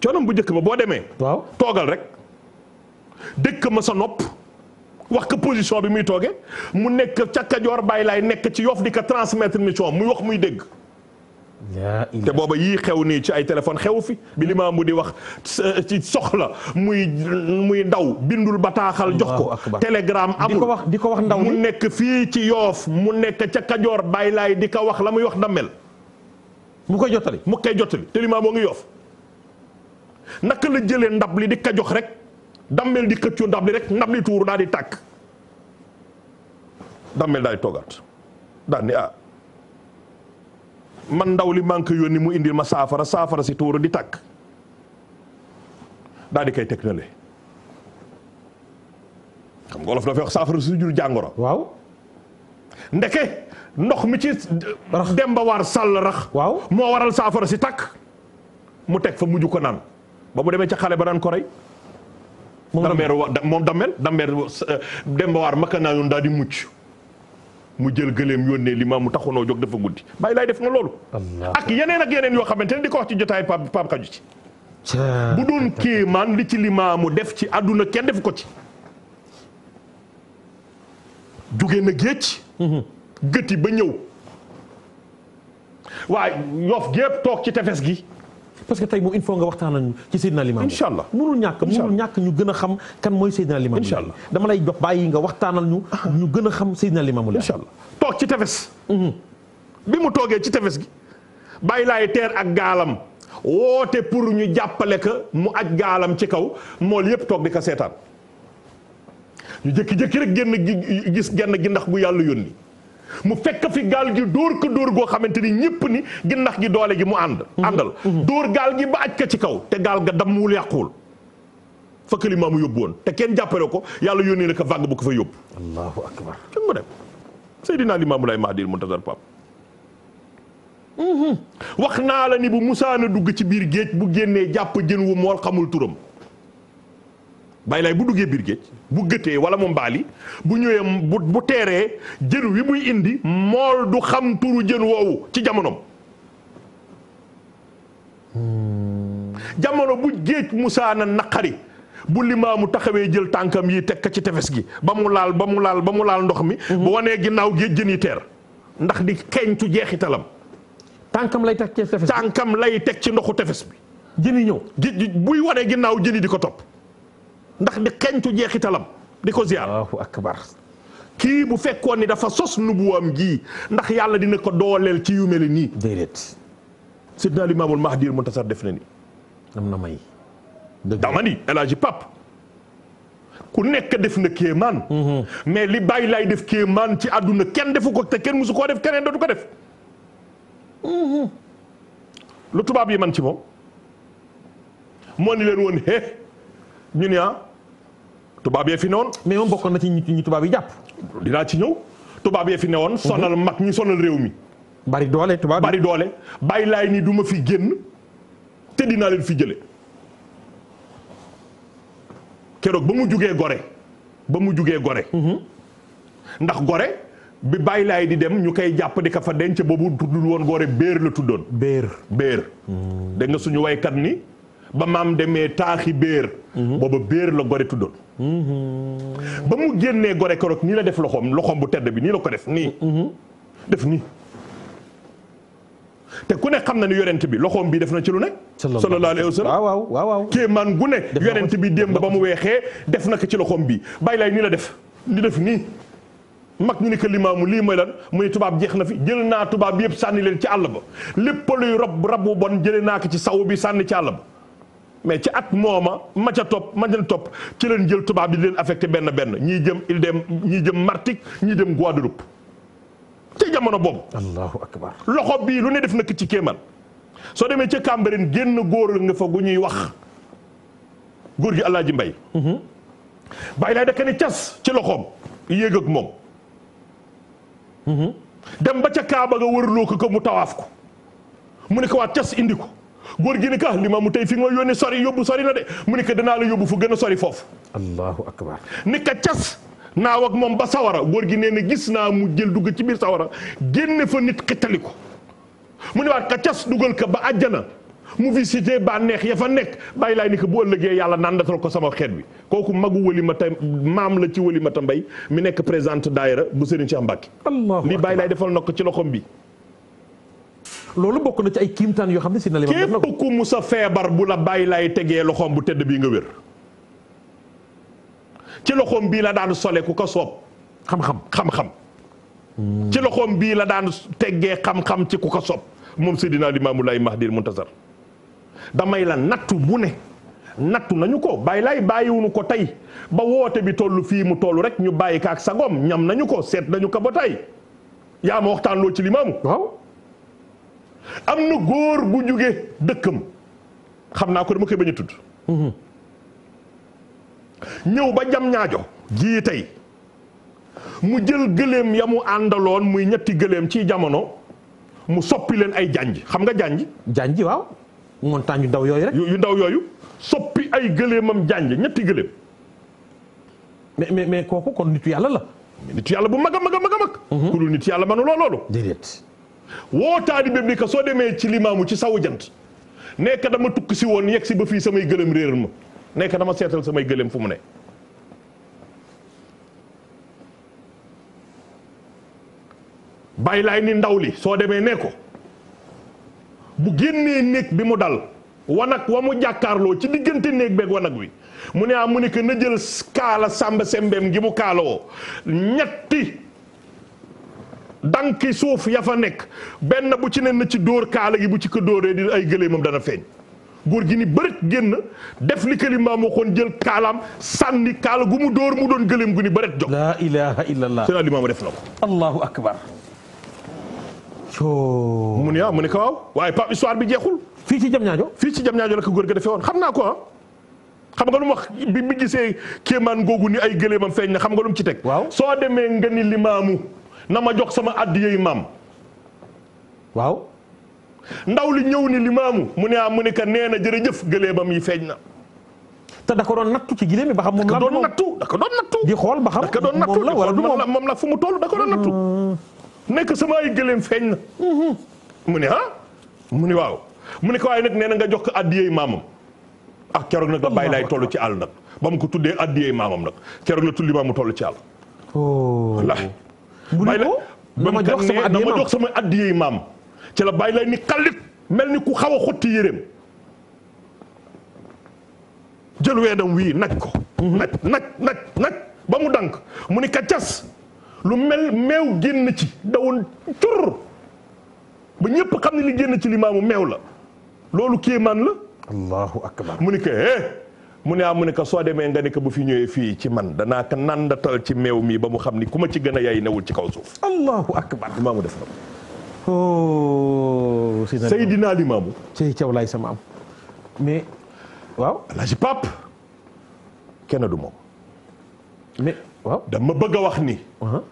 coonam bu njëkk ba boo demee toogal rek dëkk ma sa nopp wax ka position bi muy tooge mu nekk ca Kajoor Baay Laay nekk ci Yoff di ko transmettre mission muy wax muy dégg. te booba yii xew nii ci ay téléphone xew fi bi mu di wax ci soxla muy muy ndaw bindul bataaxal jox ko télégramme amul wax di ko wax ndaw mu nekk fii ci yoof mu nekk ca kajoor bàyyi laay di ko wax la muy wax dammel mu koy jottali mu koy jottali te limaamoo ngi yoof naka la jëlee ndab li di ko jox rek dammel di xëccoo ndab li rek ndab li tuuru daal di tàkk dammel daal di ni ah man ndaw li maa ngi koy yónni mu indi ma saafara saafara si tuuru di tàkk daal di koy teg na le xam nga olof dafay wax saafara su jur jàngoro. waaw. ndeke ndox mi ci. rax Demba War Sall rax. waaw moo waral saafara si takk mu teg fa mujj ko naan ba mu demee ca xale ba naan ko rey. dambeer wa moom dambeer dambeer euh, Demba Waar makka naa yoon daal di mucc mu jël gëleem yónnee li maam mu taxonoo jóg dafa guddi bàyyi laay def nga loolu ak yeneen ak yeneen yoo xamante ne di ko wax ci jotaay Pape Pape Kaju ci bu doon kéemaan li ci limaamu def ci àdduna kenn defu ko ci jóge na géej mhm. gëti ba ñëw waaye yoof gépp toog ci tefes gi parce que tey moom il faut nga waxtaan nañu ci Seydina Limamou incha allah mënul ñàkk mënul ñàkk ñu gën a xam kan mooy Seydina Limamou incha allah lay jox bàyyi nga waxtaanal ñu ñu gën a xam Seydina Limamou incha allah toog ci tefes mhm. bi mu toogee ci tefes gi bàyyi laay teer ak gaalam woote pour ñu jàppale que mu aj gaalam ci kaw mool yépp toog di ko seetaan ñu jékki-jékki rek génn gis genn gi ndax gu yàlla yónni mu fekk fi gaal gi dóor ko dóor goo xamante ni ñëpp ni ginnax gi doole gi mu ànd mhm. àndal mhm. dóor gaal gi ba aj ka ci kaw te gaal ga dammuwul yàquwul fa climat mu yóbbu woon te kenn jàppale ko yàlla yónnee na ko vague bu ko fa yóbbu allahu akbar kenn mu dem Seydina Limaamu Laay Mahdi mhm. wax naa la ni bu Musaa na dugg ci biir géej bu génnee jàpp jën wu mool xamul turam bàyyi lay bu duggee biir géej bu gëtee wala mu mbaali bu ñëwee bu bu teeree jën wi muy indi mool du xam turu jën woowu ci jamonoom jamono bu géej musaana naqari bu limaamu taxawee jël tànkam yi teg ci tefes gi ba mu laal ba mu laal ba mu laal ndox mi bu wanee ginnaaw géej jën yi teer ndax di xeeñtu jeexitalam tànkam lay teg ci tefes tànkam lay teg ci ndoxu tefes bi jën yi ñëw buy wane ginnaaw jën yi di ko topp ndax di xencu jeexitalam di ko ziar. Allahu akbar kii bu fekkoon ni dafa sos nubuwaam ji ndax yàlla dina ko dooleel ci yu mel nii. déedéet. sidna limaamul mahdir def na ni. na may. dama ni El Hadj ku nekk def na kéemaan. Mhm. mais li bàyyi lay def kéemaan ci àdduna kenn defu ko te kenn musu koo def keneen da du ko def. Mhm. lu tubaab yi man ci moom. moo ni leen woon eh ñu ne ah. tubaab yee fi ne woon. mais moom bokkoon na ci ñi tubaab yi jàpp. dinaa ci ñëw tubaab yee fi ne woon. sonal mag ñi sonal réew mi. bari doole tubaab bari doole bàyyi laay ni du fi génn te dinaa leen fi jële keroog ba mu jugee gore ba mu jugee gore. Mhm. ndax gore bi bàyyi laay di dem ñu koy jàpp di ka fa denc boobu tuddul woon gore béer la tuddoon. béer béer. Mhm. dégg nga suñu waykat ni ba maam demee taaxi béer. Mhm. booba béer la gore tuddoon. ba mu génnee gore keroog nii la def loxoom loxoom bu tedd bi nii la ko def nii. def nii te ku ne xam na ni yorent bi loxoom bii def na ci lu ne. sallallahu alayhi wa sallam waaw waaw waaw. kéemaan gu ne yorent bi démb ba mu weexee def na ko ci loxoom bi bàyyi laay nii la def di def nii. mag ñu ni que limaamu lii mooy lan mu ni tubaab jeex na fi jël naa tubaab yëpp sànni leen ci àll ba lépp luy rob rab bu bon jëlee naa ko ci saw bi sànni ci àll mais ci at mooma ma ca topp ma topp ci leen jël tubaab bi di leen affecte benn benn ñii jëm il dem ñii jëm Martigues ñii dem Guadeloupe ci jamono boobu. allahu akbar loxo bii lu ne def nak ci kéemal soo demee ca Cambérène génn góor nga fa gu ñuy wax góor gi Alaaji Mbay mhm. bàyyi laay daka ni cas ci loxoom yéeg ak mhm. dem ba ca Kaaba nga wërloo ko ko mu tawaaf ko mu ne ko waa cas indi ko. góor gi ni ka limaamu tey fi nga ma yónnee sori yóbbu sori na de mu ni ko danaa la yóbbu fu gën a sori foofu. allahu akbar ni ka cas naaw ak moom ba sawara góor gi nee na gis naa mu jël dugg ci biir sawara génne fa nit xittali ko mu ne waat ka cas dugal ko ba àjjana mu visité ba neex ya fa nekk bàyyi laay ni ko bu ëllëgee yàlla nandatal ko sama xeet bi kooku magu walimata maam la ci walimata mbay mi nekk présidente daayira bu Serigne Cheikh Mbacke. allahu akbar bàyyi laay defal na ko ci loxom bi. loolu bokk na ci ay kiimtaan yoo xam ne si na leen. képp ku mu sa feebar bu la bàyyi laay tegee loxoom bu tedd bii nga wér. ci loxoom bii la daan sole ku ko soob. xam-xam xam bii la daan teggee xam-xam ko soob moom Seydina Limaamu Laay Mahdil Muntasar damay la nattu bu ne nattu nañu ko bàyyi laay bàyyiwuñu ko tey ba woote bi toll fii mu toll rek ñu bàyyi ko sagoom ñam nañu ko seet nañu ko ba tey yaa ma waxtaan loo ci limaamu waaw am na góor gu jóge dëkkam xam naa ko dama koy bañ a tudd ñëw ba jam ñaajo jii tey mu jël gëléem yamu mu àndaloon muy ñetti gëléem ci jamono mu soppi leen ay janj xam nga jànj janj waaw montagne yu ndaw yooyu rek yu ndaw yooyu soppi ay gëléemam jànj ñetti gëléem mais mais mais kooku kon nitu yàlla la nitu yàlla bu mag a mag a mag a mag mm-hmm. ku dul nitu yàlla mënu loolu déedéet woo taalibe bi que soo demee ci limaamu ci sawu jant nekk dama tukk woon yegg si ba fii samay gëlëm réer ma nekk dama seetal samay gëlëm fu mu ne bàyyi laay ni ndaw li soo demee ne ko bu génnee néeg bi mu dal wanag wa mu jàkkaarloo ci diggante néeg beeg wanag wi mu ne ah mu ne que na jël kaala sàmba sembeem gi mu kaaloo ñetti danki suuf ya fa nekk benn bu ci ne na ci dóor kaala gi bu ci ko dóoree di ay gëléemam dana feeñ góor gi ni bërit génn def li kalimaam waxoon jël kaalam sànni kaala gu mu dóor mu doon gëléem gu ni bërit jox laa ilaha illallah seen alimaama def na ko allahu akbar mu ne ah mu ne ko waaye Pape histoire bi jeexul fii ci jam ñaajo fii ci jam ñaajo la ko góor gi defee woon xam naa ko ah xam nga lu mu wax bi bi gisee kéemaan googu ni ay gëléemam feeñ na xam nga lu ci teg waaw soo demee nga ni limaamu na ma jox sama addiyey maam waaw ndaw li ñëw ni limaamu mu ne ah mu ne ka nee na jërëjëf gëleebam yi feeñ na. te da ko doon nattu ci gileem bi ba xam moom la doon nattu ko doon nattu di xool ba xam wala du moom moom la fu mu toll da ko doon nattu mm-hmm. nekk sama ay gëleem feeñ na mm-hmm. mu ne ah mu ne waaw mu ne ko waaye nag nee na nga jox ko addiyey maamam ah keroog nag la bàyyi laay toll ci àll nag ba mu ko tuddee addiyey maamam nag keroog la tulli maam mu toll ci àll oh. wallahi bàyyi la ba ma jox sama addiye maam jox sama addiye maam ci la bàyyi lay ni xalit mel ni ku xaw a xotti yéreem jël weedam wii naj ko. Mhm. naj naj naj naj ba mu dànk mu ni ka cas lu mel meew génn ci dawoon cur ba ñëpp xam ne li génn ci limaamu meew la loolu kéemaan la. allahu akbar mu ni ko eh mu ne ah mu ne soo demee nga ne bu fi ñëwee fii ci man danaa ko nandatal ci meew mii ba mu xam ni ku ma ci gën a yaay newul ci kaw suuf. allahu akbar limaamu def na ko. oh. Seydina Limaamu. Sey Thiaw laay sama am mais waaw. du moom. mais dama bëgg a wax ni. Uh-huh.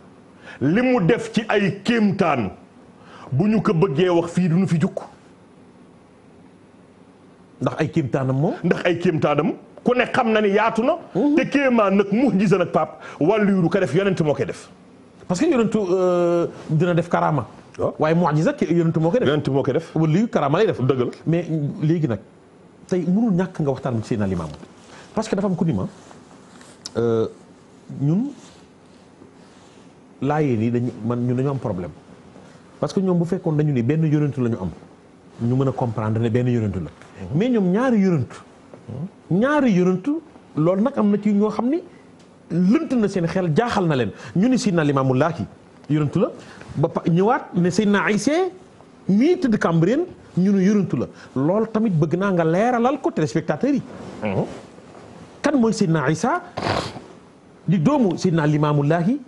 li mu def ci ay kéemtaan bu ñu ko bëggee wax fii du ñu fi jukk. ndax ay kéemtaanam moom. ndax ay kéemtaanam. ku ne xam na ni yaatu na. Mhm. te kéemaan nag mu'jiza nag pap wàllu yu ko def yonent moo koy def. parce que yonentu euh, dina def karama. Oh. waaye mu'jiza yonentu moo koy def yonentu moo koy def. wala yu karama lay def. dëgg mais léegi nag tey mënul ñàkk nga waxtaan ci Seydina Limaamu parce que dafa am ku ni ma euh, ñun laayeen yi dañu man ñun dañu am problème parce que ñoom bu fekkoon dañu ni benn yonentu la ñu am ñu mën a comprendre ne benn yonentu la mhm. mais ñoom ñaari yonentu ñaari yonantu loolu nag am na ci ñoo xam ni lënt na seen xel jaaxal na leen ñu ni Seydina Limaamu Laahi yonantu la ba pa ñëwaat ne Seydina Isaa mii tëdd Cambérène ñu nu la lool tamit bëgg naa nga leeralal ko téléspectateurs yi. Mhm. kan mooy Seydina Isaa di doomu Seydina Limaamu Laahi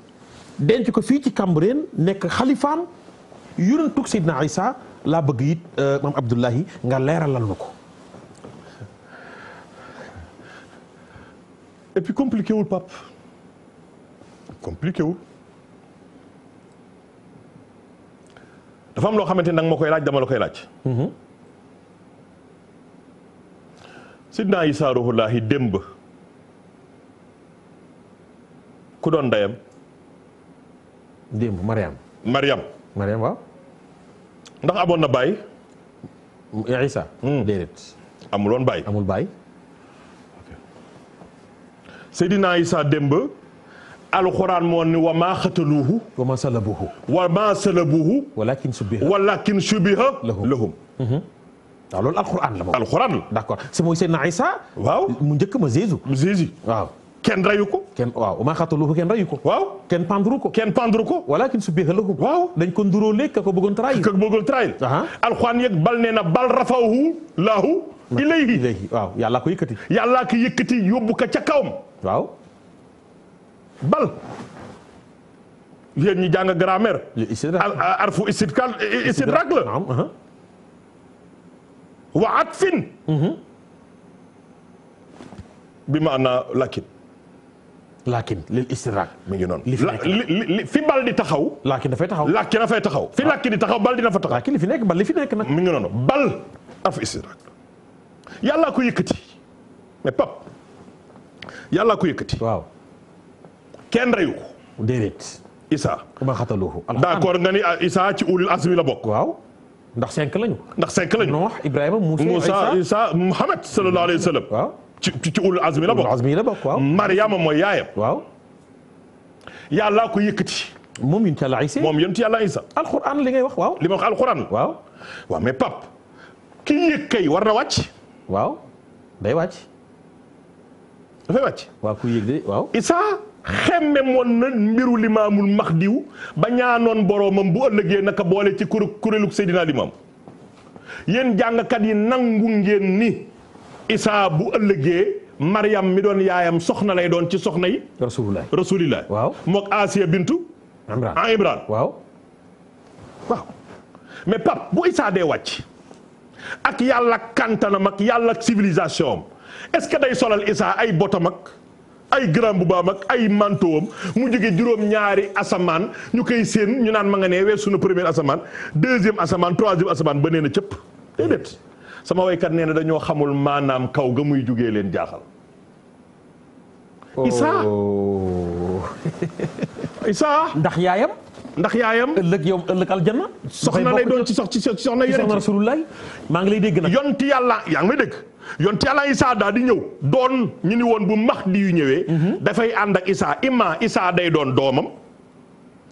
denc ko fii ci Cambérène nekk xalifaam yonantug Seydina Isaa laa bëgg it euh, maam Abdullahi nga leeralal na ko. et puis compliqué wul Pape compliqué wul dafa loo xamante ni nag ma koy laaj dama la koy laaj. Mhm. sidna Isaa Ruhullaahi démb ku doon ndeyam. démb Mariam. Mariam. Mariam waaw. ndax amoon na baay. Isaa. Hmm. déedéet. amul woon amul baay. Seydina Issa démb alxuraan moo ni wa maa xataluuhu wa maa salabuuhu wa maa salabuuhu walakin subiha walakin subiha lahum mhm. waaw loolu alxuraan la moom alxuraan la d'accord si mooy Seydina Issa waaw mu njëkk ma Jésus Jésus waaw kenn rayu ko kenn waaw maa xataluuhu kenn rayu ko waaw kenn pendru ko kenn pendru ko walakin subiha lahum waaw dañ ko nduróo léeg ka ko bëggoon trahir ka ko bëggoon trahir alxuraan yeeg bal nee na bal rafaahu laahu ilayhi ilayhi waaw yàllaa ko yëkkati. yàllaa ko yëkkati yóbbu ko ca kawam. waaw. bal. yéen ñi jàng grammaire. arfu istidrak istidrak la. Uh-huh. wa atfin. Mm-hmm. bi maanaa lakin. laakin lil istidrak mi ngi noonu. li fi bal di taxaw. laakin dafay taxaw laakin dafay taxaw. fi ah. laakin di taxaw bal dina fa taxaw. laakin li fi nekk bal li fi nekk nag. mi ngi noonu bal. arfu istidrak yàllaa ko yëkkati mais pap yàllaa ko yëkkati. waaw kenn reyu ko. déedéet. Issa. ma xataluhu d'accord nga ni ah, Issa ci ulul azmi la bokk. waaw ndax cinq lañu. ndax cinq lañu. Nuh Ibrahima Moussa Issa Muhammad sallallahu alayhi wa sallam. waaw ci ci ulul azmi la bokk. ulul azmi la bokk waaw. Mariama mooy yaayam. waaw. yàllaa ko yëkkati. moom yonent yàlla Isa moom yonent yàlla Isa. alquran li ngay wax waaw. li ma wax alquran. waaw waaw mais pap ki yëkkay war na wàcc. waaw day wàcc. dafay wàcc. waaw yéeg de waaw. Issa xemme moon na mbiru limaamul maxdiw ba ñaanoon boroomam bu ëllëgee naka boole ci kur kuréelug Seydina Limaam yéen jàngkat yi nangu ngeen ni Issa bu ëllëgee. maryam mi doon yaayam soxna lay doon ci soxna yi. rasulillah rasulillah. waaw Asiya Bintu. Imran ah Imran waaw. mais Pape bu Issa dee wàcc. ak yàlla kàntanam mag yàlla civilisation am est-ce que day solal Isaa ay boto mag ay grand boubaam mag ay mantoom mu jóge juróom ñaari asamaan ñu koy séen ñu naan ma nga ne weesu na première asamaan deuxième asamaan troisième asamaan ba nee na cëpp sama waykat nee na dañoo xamul maanaam kaw ga muy jógee leen jaaxal Isaa oh. Isaa ndax yaayam ndax yaayam ëllëg yow ëllëg aljanna soxna lay doon ci sox ci soxna yonent soxna rasulullah maa ngi lay dégg nag yonti yàlla yaa ngi may yoon yonti yàlla isaa daa di ñëw doon ñu ni woon bu max di yu ñëwee mhm. dafay ànd ak isaa imma isaa day doon doomam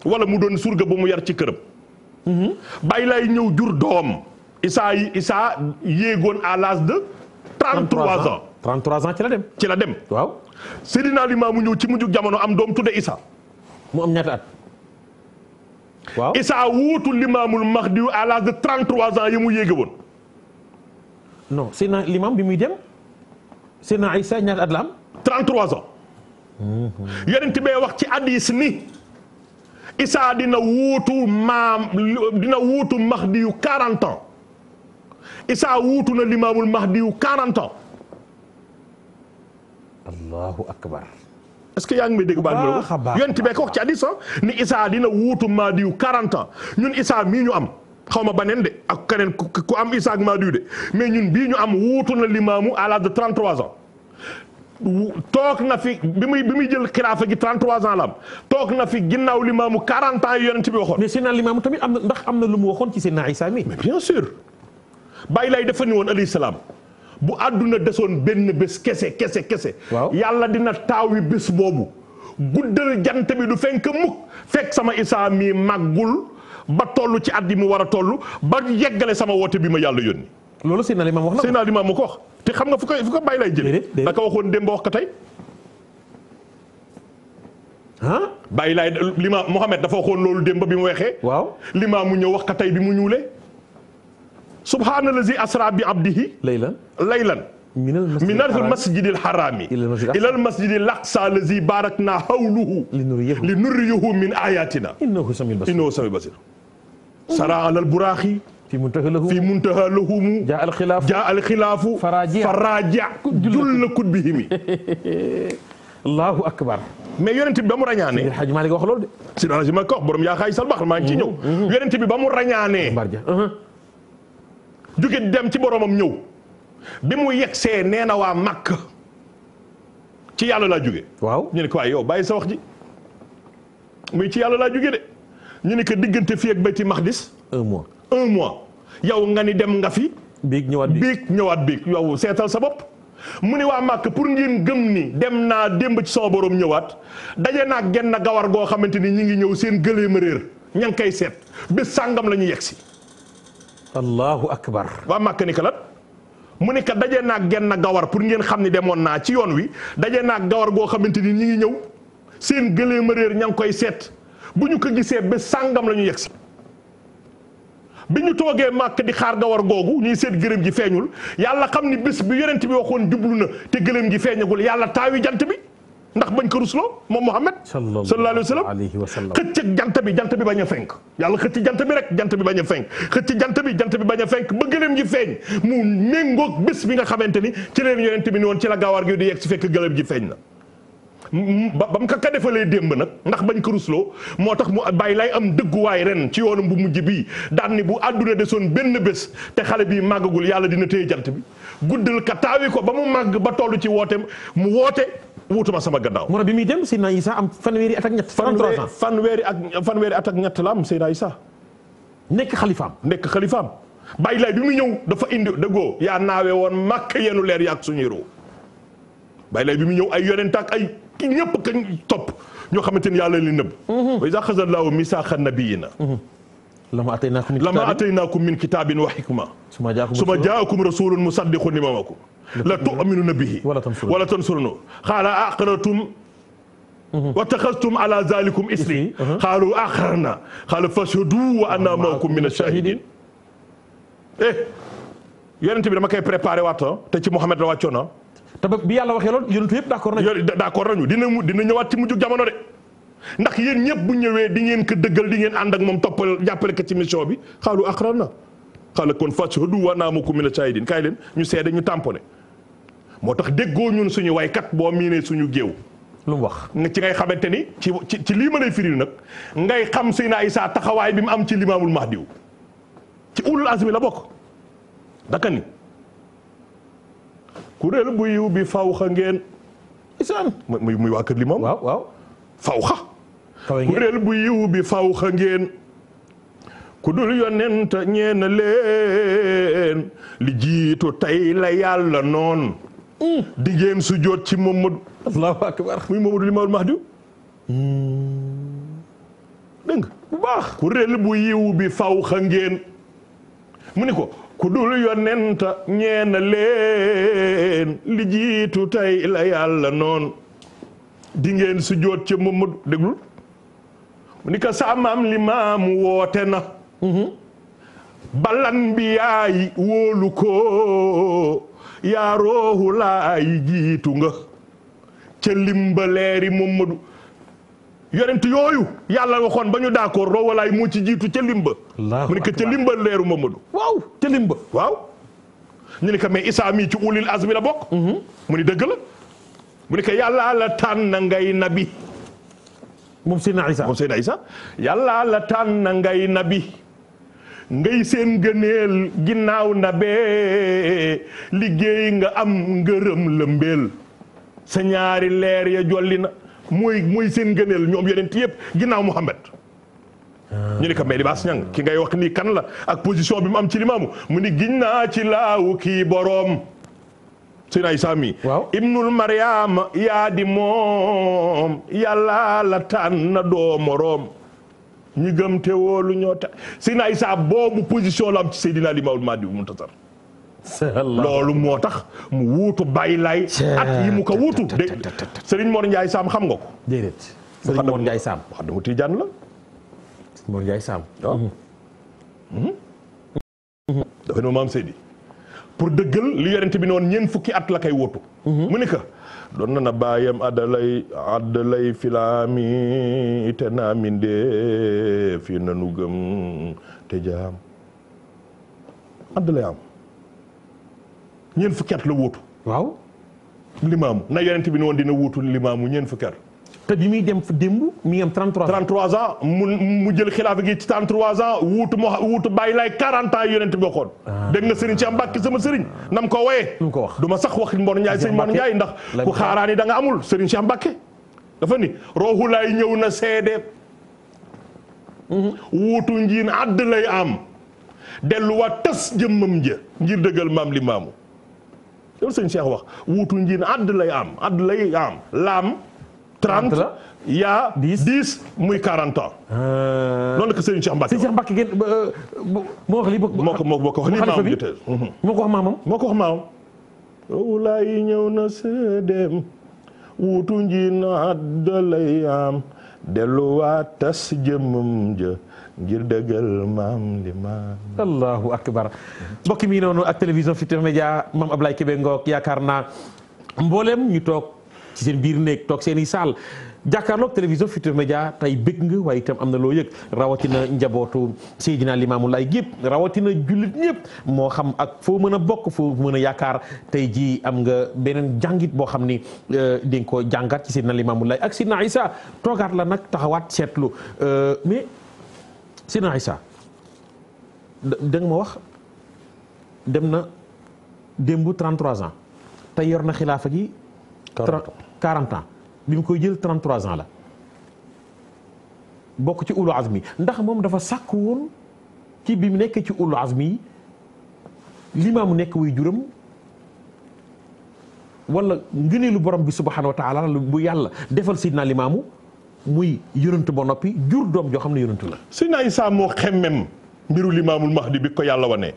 wala mu doon surga bu mu yar ci këram mhm. bàyyi lay ñëw jur doom isaa yi isaa yéegoon à l'âge de 33 ans 33 ans ci la dem ci la dem waaw Seydina Limaamu ñëw ci mujj jamono am doom tudde isaa mu waaw Issa wuutu limaamul Mahdi à l'âge de 33 ans yi mu yéege woon. non Seydina Limam bi muy dem Seydina Issa ñaata at la am. 33 ans. yeneen ti bay wax ci hadiis ni Issa dina wuutu maam dina wuutu Mahdi yu 40 ans Issa wuutu na limaamul Mahdi yu 40 ans. allahu akbar. parce que yaa ngi may dégg baax na yonent bee ko wax ci hadis ah, ni Isa dina wuutu Maadiw 40 ans ñun Isa mii ñu am xaw ma baneen de ak keneen ku am Isa ak Maadiw de mais ñun bii ñu am wuutu na limaamu à l'âge de 33 ans. toog na fi bi muy bi muy jël xilaafa gi 33 toog na fi ginnaaw limaamu 40 ans yonent bi waxoon. mais tamit am na ndax am na lu mu waxoon ci Seydina Isa mi. mais bien sûr bàyyi lay dafa ni woon alayhi salaam. bu àdduna desoon benn bés kese kese kese. waaw yàlla dina taaw taawi bés boobu. guddal jant bi du fenk mukk fekk sama isaa mii màggul ba toll ci at yi mu war a toll ba yeggale sama woote bi ma yàlla yónni. loolu Seydina Limaam wax na ko Seydina mu ko wax te xam nga fu ko fu ko bàyyi lay jëlee. da ko waxoon démb wax ka tey. ah bàyyi laay limaam Mohamed dafa waxoon loolu démb bi mu weexee. waaw mu ñëw wax ka tey bi mu ñuulee. subhaanallazi asra bi abdihi laylan laylan minal masjidil haraami ilal masjidil aqsa lazi baaraknaa hawlahu li nuriyahu min ayatina innahu samiul basir sara alal buraaxi fi muntaha lahumu jaa alxilaafu faraaji julla kut bihimi allahu akbar mais yonent bi ba mu rañaane Seydi Hadji Malick wax loolu de Seydi Hadji Malick wax borom yaa xaay sal bax maa ngi ci ñëw yonent bi ba mu rañaane jóge dem ci boromam ñëw bi mu yegsee nee na waa màkk ci yàlla laa jóge waaw ñu ne ko waaye yow bàyyi sa wax ji muy ci yàlla laa jóge de ñu ne ko diggante fii ak bayti maxdis un mois un mois yow nga ni dem nga fi biig ñëwaat biig ñëwaat biig yow seetal sa bopp mu ne waa màkk pour ngeen gëm ni dem naa démb ci soo boroom ñëwaat daje naa genn gawar goo xamante ni ñu ngi ñëw seen gëléem réer ña ngi koy seet bés sàngam la ñu yegsi allahu akbar waa màkk ni ka lan mu ni ka daje naag genn gawar pour ngeen xam ni demoon naa ci yoon wi daje naag gawar goo xamante ni ñi ngi ñëw seen gëléem a réer ña koy seet bu ñu ko gisee ba sàngam la ñu yegg si bi ñu toogee màkk di xaar gawar googu ñuy seet gërëb ji feeñul yàlla xam ni bés bi yonent bi waxoon jublu na te gëléem gi feeñagul yàlla taawi jant bi ndax bañ ko rusloo moom Muhammad sallallahu alayhi wa sallam xëcc jant bi jant bi bañ a fenk yàlla xëcc jant bi rek jant bi bañ a fenk xëcc jant bi jant bi bañ a fenk ba gëlëm ji feeñ mu méngoog bés bi nga xamante ni ci leen yonent bi ni woon ci la gaawaar gi di yegg si fekk gëlëm ji feeñ na ba mu ko ka defalee démb nag ndax bañ ko rusloo moo tax mu bàyyi lay am dëgguwaay ren ci yoonum bu mujj bii daan ni bu àdduna desoon benn bés te xale bii màggagul yàlla dina téye jant bi guddal ka taawi ko ba mu màgg ba toll ci woote mu woote wutuma sama gannaaw. moo tax bi muy dem Seydina Isa am fanweeri at ak ñett. 33 ans fanweeri ak fanweeri at ak la am Seydina Isa. nekk xalifaam. nekk xalifaam bàyyi laay bi muy ñëw dafa indi dëggoo ya naawe woon ma yenu leer yaag suñuy roo bàyyi bi muy ñëw ay yonent ak ay ñëpp kañ topp ñoo xamante ni yàlla li nëbb. Mhm. wa iza axaza llaahu misaaqa nabiyyiina. Mhm. lama ataynaakum min kitaabin wa hikma. suma jaakum rasuulun musaddiqun limaa maakum la tu'minuna bihi wala tansurunu qaala aqrartum wa taxastum ala zalikum isri qaalu aqrarna qaala fashhadu wa anna ma'akum mina shahidin eh yonent bi dama koy préparé waat ah. te ci Mouhamed la wàccoon na ah. te bi yàlla waxee loolu yonent yëpp d'accord nañu d'accord nañu dina dina ñëwaat ci mujjug jamono de ndax yéen ñëpp bu ñëwee di ngeen ko dëggal di ngeen ànd ak moom toppal jàppale ko ci mission bi xaalu aqran na xaala kon fashhadu wa anna ma'akum mina shahidin kaay leen ñu seede ñu tamponné moo tax déggoo ñun suñu waykat boo miinee suñu géew. lu mu ci ngay xamante ni ci ci lii ma lay firil nag ngay xam Seydina Isa taxawaay bi mu am ci limaamul Mahdiw ci ulul azmi la bokk daka ni kuréel bu yiw bi faw ngeen. muy muy waa kër limaam. waaw waaw bu yiw bi fawxa ngeen. ku dul yonent ñeena leen li jiitu tey la yàlla noon di ngeen su joot ci Mamadou allahu akbar muy Mamadou Limamul Mahdi dégg nga bu baax kuréel bu yiw bi faw xa ngeen mu ni ko ku dul yonenta ñeena leen li jiitu tey la yàlla noonu di ngeen su joot ci Mamadou déglul mu ni ko sa Limaamu woote na mhm. balan bi yaay wóolu ko yaa roohu laay jiitu nga ca limba leeri Mamadu yonent yooyu yàlla waxoon ba ñu d'accord roohu laay moo jiitu ca limba mu ne ko ca limba leeru Mamadu waaw ca limba waaw ñu ne ko mais Isaa mii ci la bokk mhm. mu dëgg la mu ne ko la tànn ngay nabi moom Seydina Isaa moom ngay nabi ngay seen ngëneel ginnaaw ndabee liggéey nga am ngërëm lëmbeel sa ñaari leer ya jolli na mooy seen ngëneel ñoom yonent yëpp ginnaaw Muhammad ah. ñu ni ko mais libaas ñang ki ngay wax nii kan la ak position bi mu am ci limaamu mu ni giñ naa ci laawu kii boroom Seydina Isaa mi ibnul Maryam yaa di moom yàlla la tànn doo moroom ñu gëm lu wóolu ñoo ta Seydina Isa boobu position la am ci Seydina Limaamul Mahdi bu Muntazar loolu moo tax mu wuutu bàyyi laay at yi mu ko wuutu dégg Serigne Mor Ndiaye Sam xam nga ko déedéet Serigne Mor Ndiaye Sam wax dama Tijaan la Serigne Mor Ndiaye Sam mhm. Mhm. dafa ne maam Seydi pour dëggal li yorente bi noonu ñeent fukki at la koy wuutu mhm. mu ne doon na baayam adalay adalay filaami te naa mindee fi nanu gëm te jaam adalay am ñeent fukki at la wóotu limaamu na yonent bi ne woon dina wutu limaamu ñeent fukki at te bi muy dem fa démb mi ngi am ans. mu mu jël xilaafa gi ci 33 ans wuutu mu wuutu bàyyi laay 40 ans yonent bi waxoon. Ah. dégg nga Serigne Cheikh sama Serigne nam ko woyee. nu ko wax du ma sax wax Mor Ndiaye sëñ Mor Ndiaye ndax. ku xaaraani da nga amul Serigne Cheikh Mbacke. dafa ni roohu laay ñëw na seede. Mhm. wuutu njiin àdd lay am. delluwaat tas jëmmam ja ngir dëggal maam li maamu. loolu sëñ Cheikh wax wuutu njiin àdd lay am àdd lay am laam. 30 la yaa 10 10 muy 40 ans. noonu euh, la ko Serigne Cheikh moo wax moo ko moo ko wax nii mhm. moo ko wax maamam. moo ko wax maamam. wulaay ñëw na seedeem wutu nji na dalay am delluwaat tas jëmmam allahu akbar mbokk mi noonu ak télévision Futurs Médias maam Ablaye Kébé Ngok yaakaar naa mboolem ñu toog. ci seen biir néeg toog seen i saal jàkkaarloog télévision Futurs Médias tey bëgg nga waaye itam am na loo yëg rawatina njabootu Seydina Limaamu Laay gépp rawatina jullit yëpp moo xam ak foo mën a bokk foo mën a yaakaar tey jii am nga beneen jàngit boo xam ni euh, dinga nga ko jàngat ci Seydina Limaamu Laay ak Seydina Isa toogaat la nag taxawaat seetlu euh, mais Seydina Isa da ma wax dem na démb 33 ans tey yor na xilaafa gi. 40 ans bi mu koy jël 33 ans la bokk ci ulu azmi ndax moom dafa sàkk woon ci bi mu nekk ci ulo azmi yi limaamu nekk way juram wala ngëneelu borom bi subhanahu wa taala bu yàlla defal sidna limaamu muy yonent ba noppi jur doom joo xam ne yonent la. sidna Isaa moo xemmem mbiru limaamul mahdi bi ko yàlla wane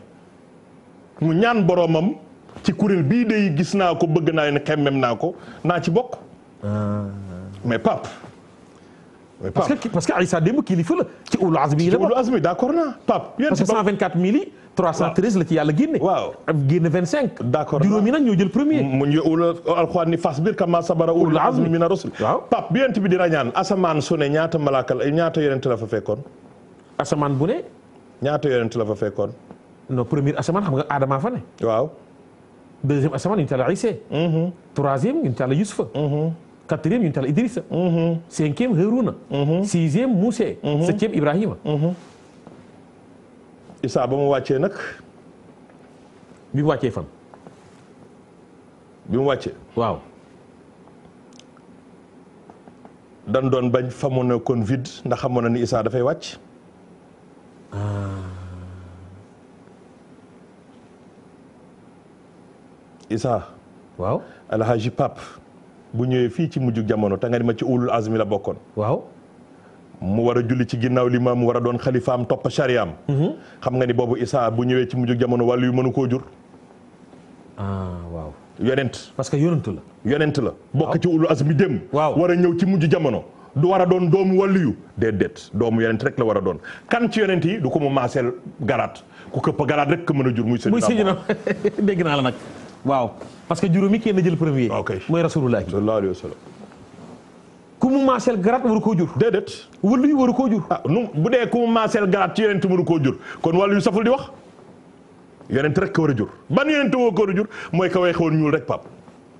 mu ñaan boromam. ci kuréel bii day gis naa ko bëgg naa ne xemmem naa ko naa ci bokk. Ah. mais Pape. mais Pape parce que parce que Aïssa démb kilifa la ci ulu azmi la ulu azmi d'accord naa Pape. yéen ci parce que ci yàlla génne. waaw génne 25. d'accord juróomi nag ñoo jël premier. mu ñu ulu alxuraan ni fasbir kama sabara ulu azmi mina rusul. waaw Pape bi yonent bi dina ñaan asamaan su ñaata malaaka la ñaata yonent la fa fekkoon. asamaan bu ne. ñaata yonent la fa fekkoon. non premier asamaan xam nga Adama fa deuxième asamaan yonent Yàlla Isa troisième yonent Yàlla Yusufa quatrième yonent Yàlla Idrissa cinquième Haruna sixième Moussa septième Ibrahima Isa ba mu wàccee nag bi mu wàccee fan bi mu wàccee waaw dan doon bañ fa mu nekkoon vide ndax xamoon na ni Isa dafay wàcc ah. Issa. waaw Alhaji Pape bu ñëwee fii ci mujj jamono te nga di ma ci ulul azmi la bokkoon. waaw. mu war a julli ci ginnaaw li maam war a doon xalifaam topp chariam. Mhm. xam nga ni boobu Issa bu ñëwee ci mujj jamono wàllu yu mënu koo jur. ah waaw. yonent. parce que la. yonent la bokk ci war a a doon doomu waliyu déedéet doomu yonent rek la war a doon kan ci yonent yi du ko mu maaseel garaat ku këpp garaat rek ko mën a jur muy. muy Seydina waaw parce que juróomi kenn jël premier. ok mooy rasulullah. sallallahu alayhi wa sallam. ku mu maaseel garaat waru koo jur. déedéet. wàllu yi waru koo jur. ah bu dee ku mu maaseel garaat ci yonent waru koo jur kon wàllu yu saful di wax yonent rek ka war a jur ban yonent woo ko war a jur mooy ka weex woon ñuul rek pap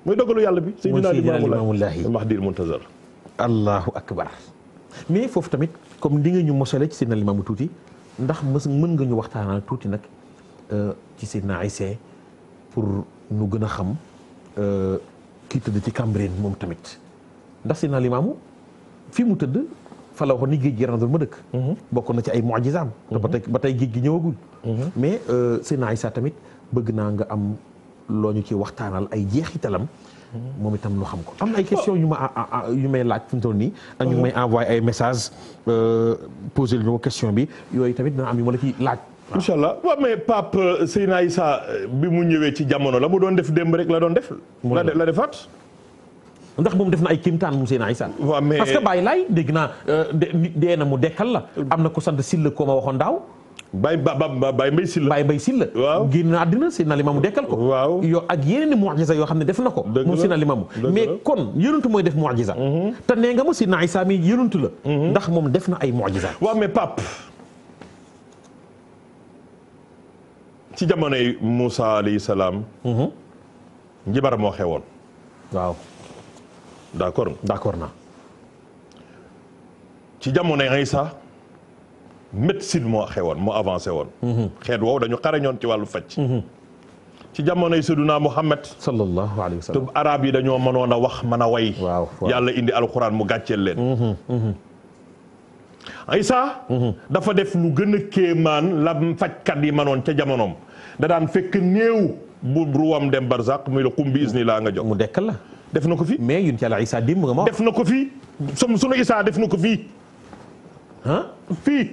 mooy dogalu yàlla bi. sayyidina Limaamullaahi Mahdi Muntazar. allahu akbar. mais foofu tamit comme di nga ñu mosale ci Seydina Limaamu tuuti ndax mës mën nga ñu waxtaanal tuuti nag euh, ci Seydina Isaa pour. nu gën a xam euh, kii tëdd ci Cambérène moom tamit ndax si naa limaamu fii mu tëdd fa la waxoon ni géej gi rendul ma dëkk mhm. bokk na ci ay mojisaam te ba mhm. tey ba tey géej gi ñëwagul mhm. mais euh, Seydina Issa tamit bëgg naa nga am loo ñu ci waxtaanal ay jeexitalam moom itam nu xam ko am na ay question ñu ma ñu may laaj fi mu toll nii a ñu may envoyé ay message euh, posé lu ñu ko question bi yooyu tamit dina am yu ma la ci laaj incha allah waaw mais Pape euh, Seyna Issa euh, bi mu ñëwee ci jamono la mu doon def démb rek la doon def. la la defaat. ndax moom def na ay kéemtaan moom Seyna Issa. waaw mais parce que Baye Laye dégg euh, dee na mu dekkal la. am na ko sant Silla koo ma waxoon daaw. Baye ba ba Baye Mbaye Silla. Baye Mbaye Silla. waaw génn na àddina Seyna Limaamu dekkal ko. waaw yoo ak yeneen i mu'jiza yoo xam ne def na ko. dëgg la moom Seyna Limaamu mais kon yonent mooy def mu'jiza. Mm-hmm. te nee nga ma Seyna Issa mi yonent la. Mm-hmm. ndax moom def na ay mu'jiza. waaw mais Pape. ci jamonoy Moussa alayhi salaam. Mhm. njibar moo xewoon. waaw. d'accord d'accord na ci jamonoy Isa médecine moo xewoon mu avancé woon. Mhm. xeet woowu dañu xarañoon ci wàllu faj. Mhm. ci jamonoy Sayyiduna Muhammad. sallallahu alayhi wa sallam yi dañoo mënoon a wax mën a way. waaw yàlla indi alxuraan mu gàcceel leen. Isa. dafa def lu gën a kéemaan la fajkat yi mënoon ca jamonoom. da daan fekk néew bu ruwam dem barzak muy la kum bi isni laa nga jox mu dekkal la def na ko fi mais yun ci àlla isa démb nga ma def na ko fii sum suma isaa def na ko fii fii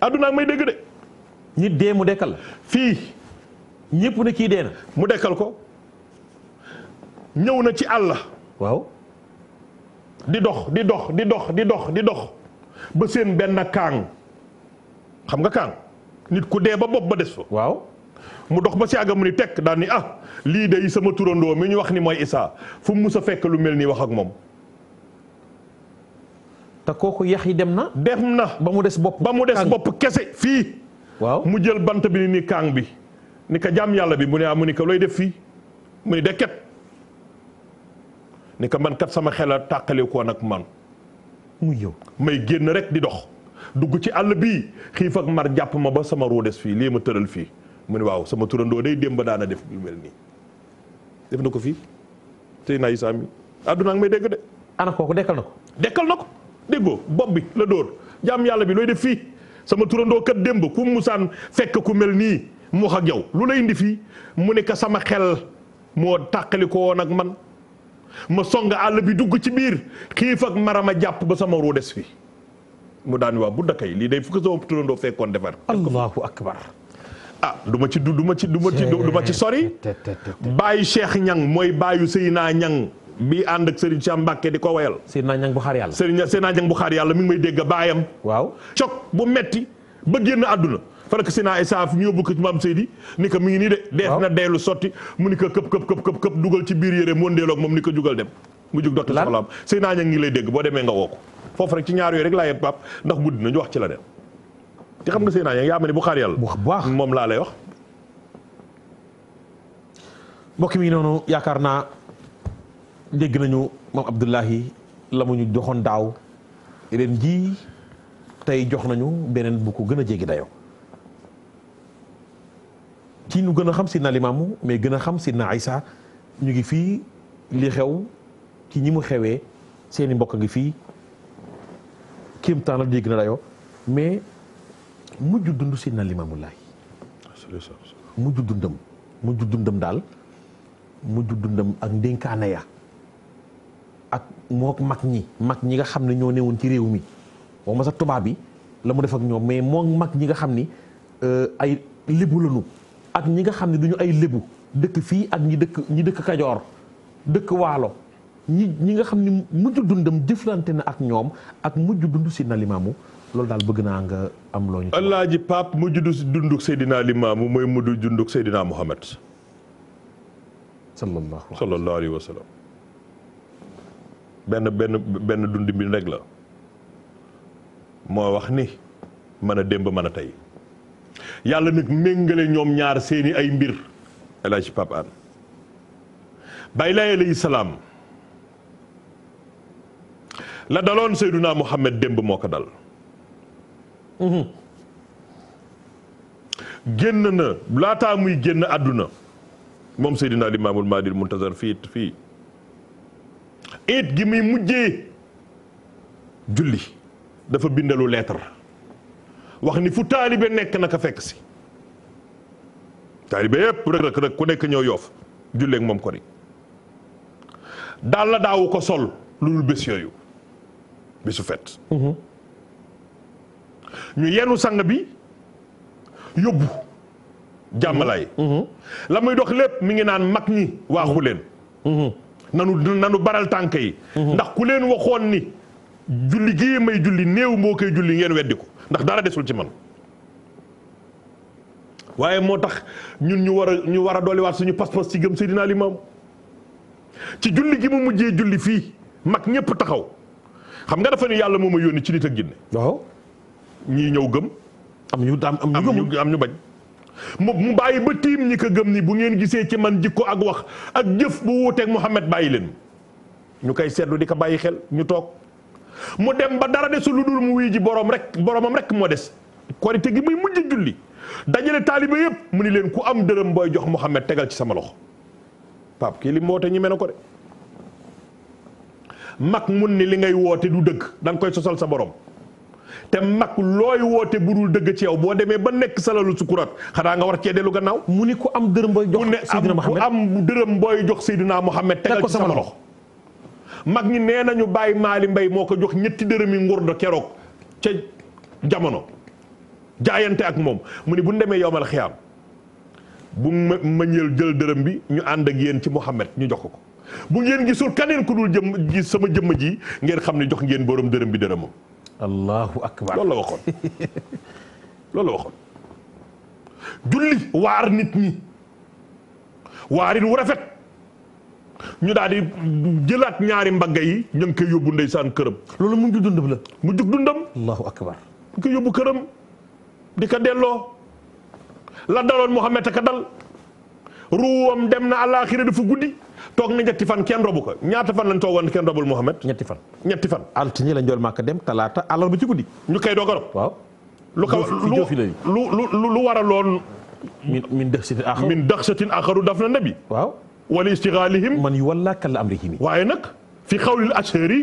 adduna may dégg de nit dee mu dekkal fii ñëpp na kii dee na mu dekkal ko ñëw na ci àll waaw di dox di dox di dox di dox di dox ba seen benn kaang xam nga kaang nit ku dee ba bopp ba des fa. waaw mu dox ba si àgg mu ni tekk daan ni ah lii de sama turandoo mi ñu wax ni mooy Issa fu mu mus a fekk lu mel nii wax ak moom. te kooku yax yi dem na. dem na ba mu des bopp. ba mu des bopp kese fii. waaw mu jël bant bi ni ni bi ni ko jaam yàlla bi mu ne am ah, mu ni ko looy def fii mu ni dekket ni ko man kat sama xel a tàqale ko nag man. muy yow may génn rek di dox. dugg ci àll bii xiif ak mar jàpp ma ba sama ruu des fii lii ma tëral fii mu ne waaw sama turandoo day démb daana def lu mel nii def na ko fii tey naa Issa mi àdduna ak may dégg de. ana kooku dekkal na ko. dekkal na ko déggoo bopp bi la dóor jaam yàlla bi looy def fii sama turandoo kat démb ku musaan fekk ku mel nii mu wax ak yow lu lay indi fii mu ne ka sama xel moo tàqali ko woon ak man ma song àll bi dugg ci biir xiif ak marama jàpp ba sama ruu des mu daan waa bu dakay lii day fukk sama turandoo fekkoon defar. allahu akbar. ah du ma ci du ma ci du ma ci du ma ci sori. baayu Cheikh ñan mooy baayu naa ñan bi ànd ak Serigne Cheikh Mbacke di ko wayal. Seyna Ñang bu xaar yàlla. Serigne Seyna Ñang bu xaar yàlla mi ngi may dégg baayam. waaw cok bu metti ba génn àdduna. farak Seyna Issa ngi nii de. dees na deelu sotti mu ni ko këpp këpp këpp këpp dugal ci biir yére mu wëndeeloo moom ni ko jugal dem. mu jug dotti soxlaam Seyna Ñang ngi lay dégg boo demee nga woo foofu rek ci ñaar yooyu rek laa yem Pape ndax guddi nañu wax ci la de te xam nga seenaa naa yaa ma ne bu xaar yàlla. bu baax moom laa lay wax. mbokk mi noonu yaakaar naa dégg nañu moom Abdoulahi la mu ñu joxoon daaw ren jii tey jox nañu beneen bu ko gën a jéggi dayoo. ci nu gën a xam Sidna Limaamu mais gën a xam Sidna Isa ñu ngi fii li xew ci ñi mu xewee seeni mbokk ngi fii. kéemtaan la dégg na dayoo mais mujj dund si na Limaamu Laay mujj dundam mujj dundam daal mujj dundam ak ndénkaane ya ak mook mag ñi mag ñi nga xam ne ñoo newoon ci réew mi moom ma sa tubaab yi la mu def ak ñoom mais mook mag ñi nga xam ni euh, ay lébu lañu ak ñi nga xam ne duñu ay lébu dëkk fii ak ñi dëkk ñi dëkk Kajoor dëkk Waalo ñi ñi nga xam ni mujj dundam jëflante na ak ñoom ak mujj dund si na limaamu loolu daal bëgg naa nga am loo ñu. Alaaji Pape mujj dunduk Seydina Limaamu mooy mujj dunduk Seydina Muhammad. sallallahu alayhi wa sallam benn benn benn dund bi rek la moo wax ni mën a démb mën a tey yàlla nag méngale ñoom ñaar seeni ay mbir Alaaji Pape Hann Baay Laay alayhi salaam la daloon Seydouna Mohamed démb moo ko dal. Mhm. génn na laataa muy génn àdduna moom Seydina Limaamul Mahdil Muntazar fii fii it gi muy mujjee julli dafa bindalu lettre wax ni fu taalibe nekk naka fekk si taalibe yëpp rek rek ku nekk ñëw yoof julleeg moom ko ni daal la daawu ko sol lu dul bés yooyu bisu fet ñu yenu sang bi yóbbu jàmmalaay la muy dox lépp mi ngi naan mag ñi waaxu leen nanu nanu baral tànk yi ndax ku leen waxoon ni julli gii may julli néew moo koy julli ngeen weddi ko ndax dara desul ci man waaye moo tax ñun ñu war a ñu war a dolliwaat suñu pas-pas ci gëm Seydina Limaamu ci julli gi mu mujjee julli fii mag ñépp taxaw xam nga dafa ni yàlla moom a yónni ci nit ak ne waaw ñii ñëw gëm. am ñu daam am ñu am ñu bañ. mu mu bàyyi ba tiim ñi ko gëm ni bu ngeen gisee ci man jikko ak wax ak jëf bu wuuteeg Mouhamed bàyyi leen ñu koy seetlu di ko bàyyi xel ñu toog mu dem ba dara desul lu dul mu wuy ji borom rek boromam rekk moo des. korite gi muy mujj julli dajale taalibe yëpp mu ni leen ku am dërëm booy jox Mouhamed tegal ci sama loxo Pape kii li mu woote ñi mel ne ko de. mag mun ni li ngay woote du dëgg danga koy sosal sa borom te mag looy woote bu budul dëgg ci yow boo demee ba nekk salalu sukuraat xanaa nga war cee dellu gannaaw. mu ni ku am dërëm booy jox Seydina Mohamed ku am dërëm booy jox Seydina Mohamed. tegal ko sama loxo mag ñi nee nañu bàyyi maali mbay moo ko jox ñetti dërëmi nguur do keroog ca jamono jaayante ak moom mu ni bu demee yowmal xiyaam bu ma ma ñël jël dërëm bi ñu ànd ak yéen ci Mohamed ñu jox ko. bu ngeen gisul kaneen ku dul jëm sama jëmm ji ngeen xam ne jox ngeen borom dërëm bi dërëmam. allahu akbar loolu la waxoon loolu la waxoon. julli waar nit ñi waarin wu rafet ñu daal di jëlaat ñaari mbagga yi ñu ngi koy yóbbu ndeysaan këram. loolu mu ngi dundam la. mu jug dundam. allahu akbar. ñu koy yóbbu këram di ko delloo la daloon Mouhamed ka dal. ruwam dem na àllaaxira fu guddi toog na ñetti fan kenn robu ko ñaata fan lañ toogoon kenn robul Mouhamed. ñetti fan ñetti fan. altine lañ doon màkk dem talaata àllarba ci guddi. ñu koy doog a rob. waaw lu ko lu lu lu waraloon. min min daxsatin axaru min daxsatin axaru daf na nabi. waaw wala istixaalihim. man yu walla kal amrihim. waaye nag fi xawlil ashari.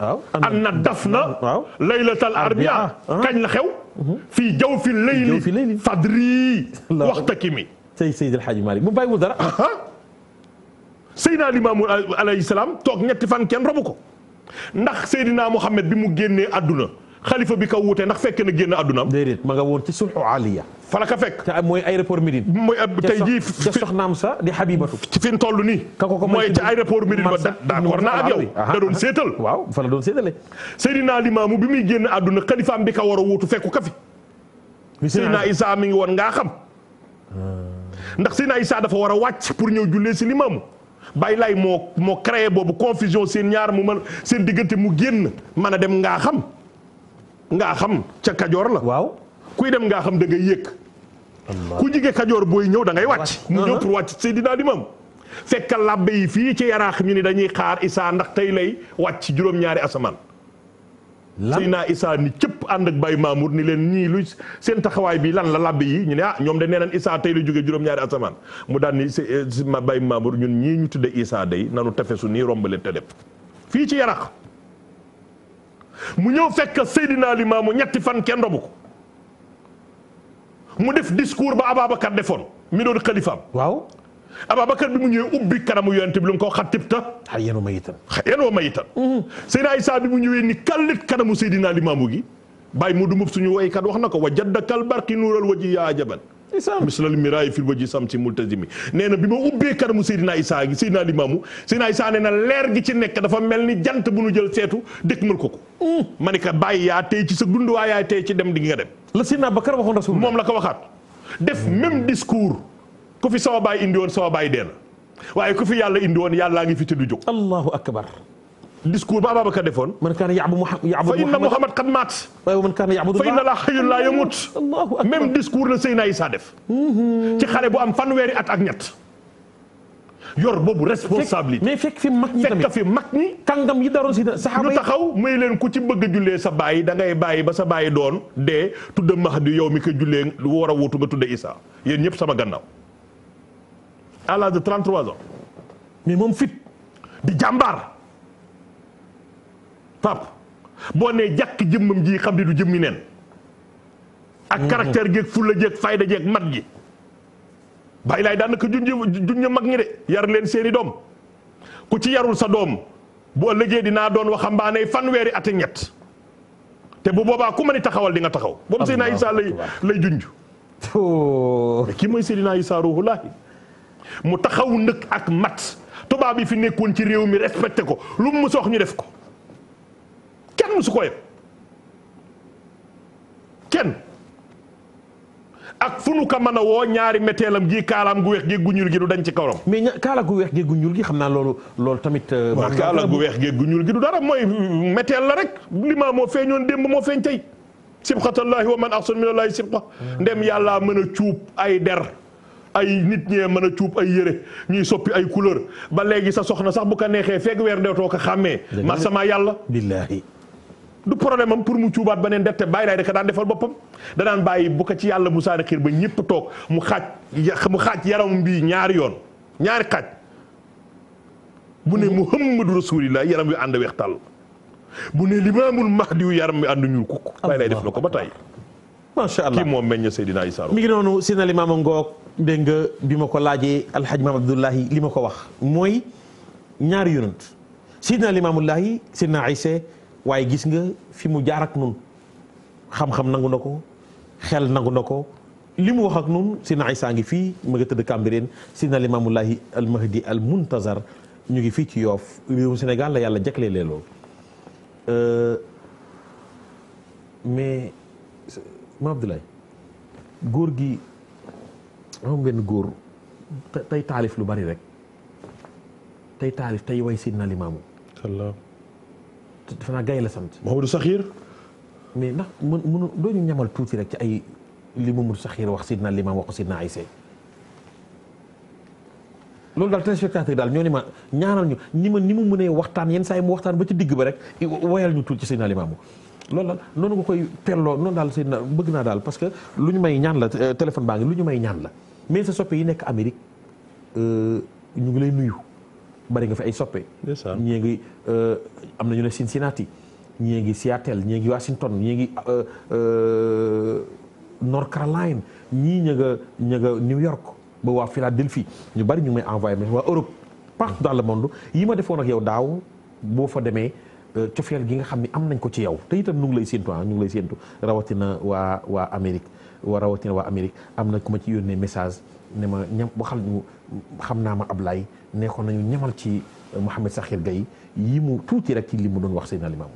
waaw an na daf na. waaw laylatal arbia kañ la xew. fii mhm. jaww fi layli fadri waxta kimi tey Seydil Hadji Malick mu bàyyiwul dara. Seydina Limaamu alayhi salaam toog ñetti fan kenn robu ko ndax Seydina Mohamed bi mu génnee àdduna xalifa bi ka wuute ndax fekk na génn àddunaam. déedéet ma nga woon ci sulhu aliya. fa la ka fekk. te mooy aéroport Médine. mooy tey jii ca soxnaam sa di Habibatu. ci fi mu toll nii. ka ko mooy ci aéroport Médine ba d'accord naa ak yow. da doon seetal. waaw fa la doon seetale. Seydina Limaamu bi muy génn àdduna xalifaam bi ka war a wuutu fekku ka fi. Seydina Isa mi ngi woon ngaa xam. Ah. ndax Seydina Issa dafa war a wàcc pour ñëw jullee si limaamu bay laay moo moo créé boobu confusion seen ñaar mu mën seen diggante mu génn mën a dem ngaa xam ngaa xam ca kajoor la waaw kuy dem ngaa xam dangay ngay yëg ku jige kajoor booy ñëw da ngay wàcc mu ñëw uh-huh. pour wàcc Seydina Limaamu fekk labbe yi fii ci yaraax mi ni dañuy xaar Issa ndax tey lay wàcc juróom-ñaari asamaan sëy naa Issa ni cëpp ànd ak Baye Mamour ni leen ñii lu seen taxawaay bi lan la làbbe yi ñu ne ah ñoom de nee nañ Issa tey la jógee juróom-ñaari asamaan mu daan ni eh, Baye Mamour ñun ñii ñu tudde Issa day nanu tefesu nii rombale te def fii ci yarax mu ñëw fekk Seydina Limaamu ñetti fan kenn robu ko mu def discours ba Ababacar defoon mi doon xalifaam waaw Ababacar bi mu ñëwee ubbi kanamu yonent bi lu mu ko xatibta hayyan wa mayitan hayyan wa mayitan Seydina Isa bi mu ñëwee ni kallit kanamu Seydina Limaamu gi bàyyi mu dumub suñu woykat wax na ko wa jaddakal barqi nuural waji yaa ajaban mislal mirayi fil waji samsi multazimi nee na bi ma ubbee kanamu Seydina Isa gi Seydina Limaamu Seydina Isa nee na leer gi ci nekk dafa mel ni jant bu nu jël seetu dëkkmal ko ko ma ni yaa tey ci sa dund yaa tey ci dem di nga dem la Seydina Bakar waxoon rasul moom la ko waxaat def même discours ku fi sama baay indi woon sama baay dee na waaye ku fi yàlla indi woon yàllaa ngi fi te du jóg. allahu akbar. discours ba Ababacar defoon. man kaana yaabudu Muhammad fa inna Muhammad qad maat. waaye man kaana yaabudu fa inna laa hayyun laa yamuut. allahu akbar même discours la def. Mm-hmm. ci xale bu am fanweeri at ak ñett. yor boobu responsabilité mais fekk fi mag ñi tamit fekk mag ñi. kàngam yi daroon si saxaaba yi ñu taxaw muy leen ku ci bëgg a jullee sa baay da ngay bàyyi ba sa baay doon dee tudd Mahdi yow mi ko jullee war a wutu nga tudd Isa yéen ñëpp sama gannaaw à l'âge de 33 moom fit di jàmbaar pap boo nee jàkk jëmmam ji xam ne du jëmmi neen ak mhm. caractère geeg fulla jeeg fayda jeeg mat gi bàyyi laay daanaka junj junj mag ñi de yar leen seeni doom ku ci yarul sa doom boo liggéey dinaa doon waxambaane fanweeri at ñett te bu boobaa ku mën a taxawal di nga taxaw. am na lay lay junj. kii mooy Seydina Issa Ruuhu Laahi mu taxaw ndëkk ak mat tubaab yi fi nekkoon ci réew mi respecté ko lu mu mësa ñu def ko kenn mësu ko yëpp kenn ak fu nu ko mën a woo ñaari meteelam gi kaalaam gu weex gi ñuul gi du dañ ci kawram. mais kaala gu weex gi gu ñuul gi loolu loolu tamit. Euh, waaw kaala gu weex gi gu ñuul gi du dara mooy méteel la rek limaa moo feeñoon démb moo feeñ tey sibxatallaahi wa man axsan minallaahi sibxa hmm. ndem yàllaa mën a cuub ay der. ay nit ñee mën a cuub ay yére ñuy soppi ay couleur ba léegi sa soxna sax bu ko neexee fekk weer deetoo ko xàmmee ma sama yàlla billaahi du problème am pour mu cuubaat beneen dette bàyyi laay rek daan defal boppam danaan bàyyi bu ko ci yàlla musaani xiir ba ñëpp toog mu xaaj mu xaaj yaram bi ñaari yoon ñaari xaaj bu ne muhammadu rasulillah yaram yu ànd weex tàll bu ne limaamul mahdi yu yaram yu ànd ñuul kukk bàyyi laay def na ko ba tey macha allah moom meññ Seydina Issa mi ngi noonu si na li maama ngoog nga bi ma ko laajee alxaj maam Abdullahi li ma ko wax mooy ñaari yonant Seydina Limaamullahi ay Issa waaye gis nga fi mu jaar ak nun xam-xam nangu na ko xel nangu na ko li mu wax ak nun ay saa ngi fii ma nga tëdd Cambérène Seydina Limaamullahi al mahdi al muntazar ñu ngi fii ci yoof réewum Sénégal la yàlla jaglee lee loolu euh, ma Abdoulaye góor gi am benn góor tey taalif lu bari rek tey taalif tey way Seydina Limaamu salaam dafa naa gay la sant Mamadou Saxiir mais ndax mën mënu doo ñu ñamal tuuti rek ci ay li Mamadou Saxiir wax Seydina Limaam wax ko Seydina Ayse loolu daal téléspectateur daal ñoo ni ma ñaanal ñu ni ma ni mu mënee waxtaan yenn saa yi mu waxtaan ba ci digg ba rek wayal ñu tuuti ci Seydina Limaamu loolu la noonu nga koy teelloo noonu daal Seydina bëgg naa daal parce que lu ñu may ñaan la euh, téléphone baa ngi lu ñu may ñaan la mais sa soppe yi nekk Amérique euh, ñu ngi lay nuyu bari nga fi ay soppe ñéegi ngi euh, am nañu ne Cincinnati ñii ngi Seattle ñii ngi Washington ñii ngi North Carolina ñii ña nga ña nga New York ba waa Philadelphie ñu bari ñu may envoyé mais waa Europe partout dans le monde yi ma defoon ak yow daaw boo fa demee Euh, cofeel gi nga xam ne am nañ ko ci yow te itam ñu ngi lay séentu ah ñu ngi lay séentu rawatina waa waa Amérique wa rawatina waa Amérique am na ku ma ci yónnee message ne ma ñam waxal ñu xam naa ma ab Ablaye neexoon nañu ñamal ci euh, Mouhamed Sakhir Gaye yi mu tuuti rek ci li mu doon wax seen alimaam.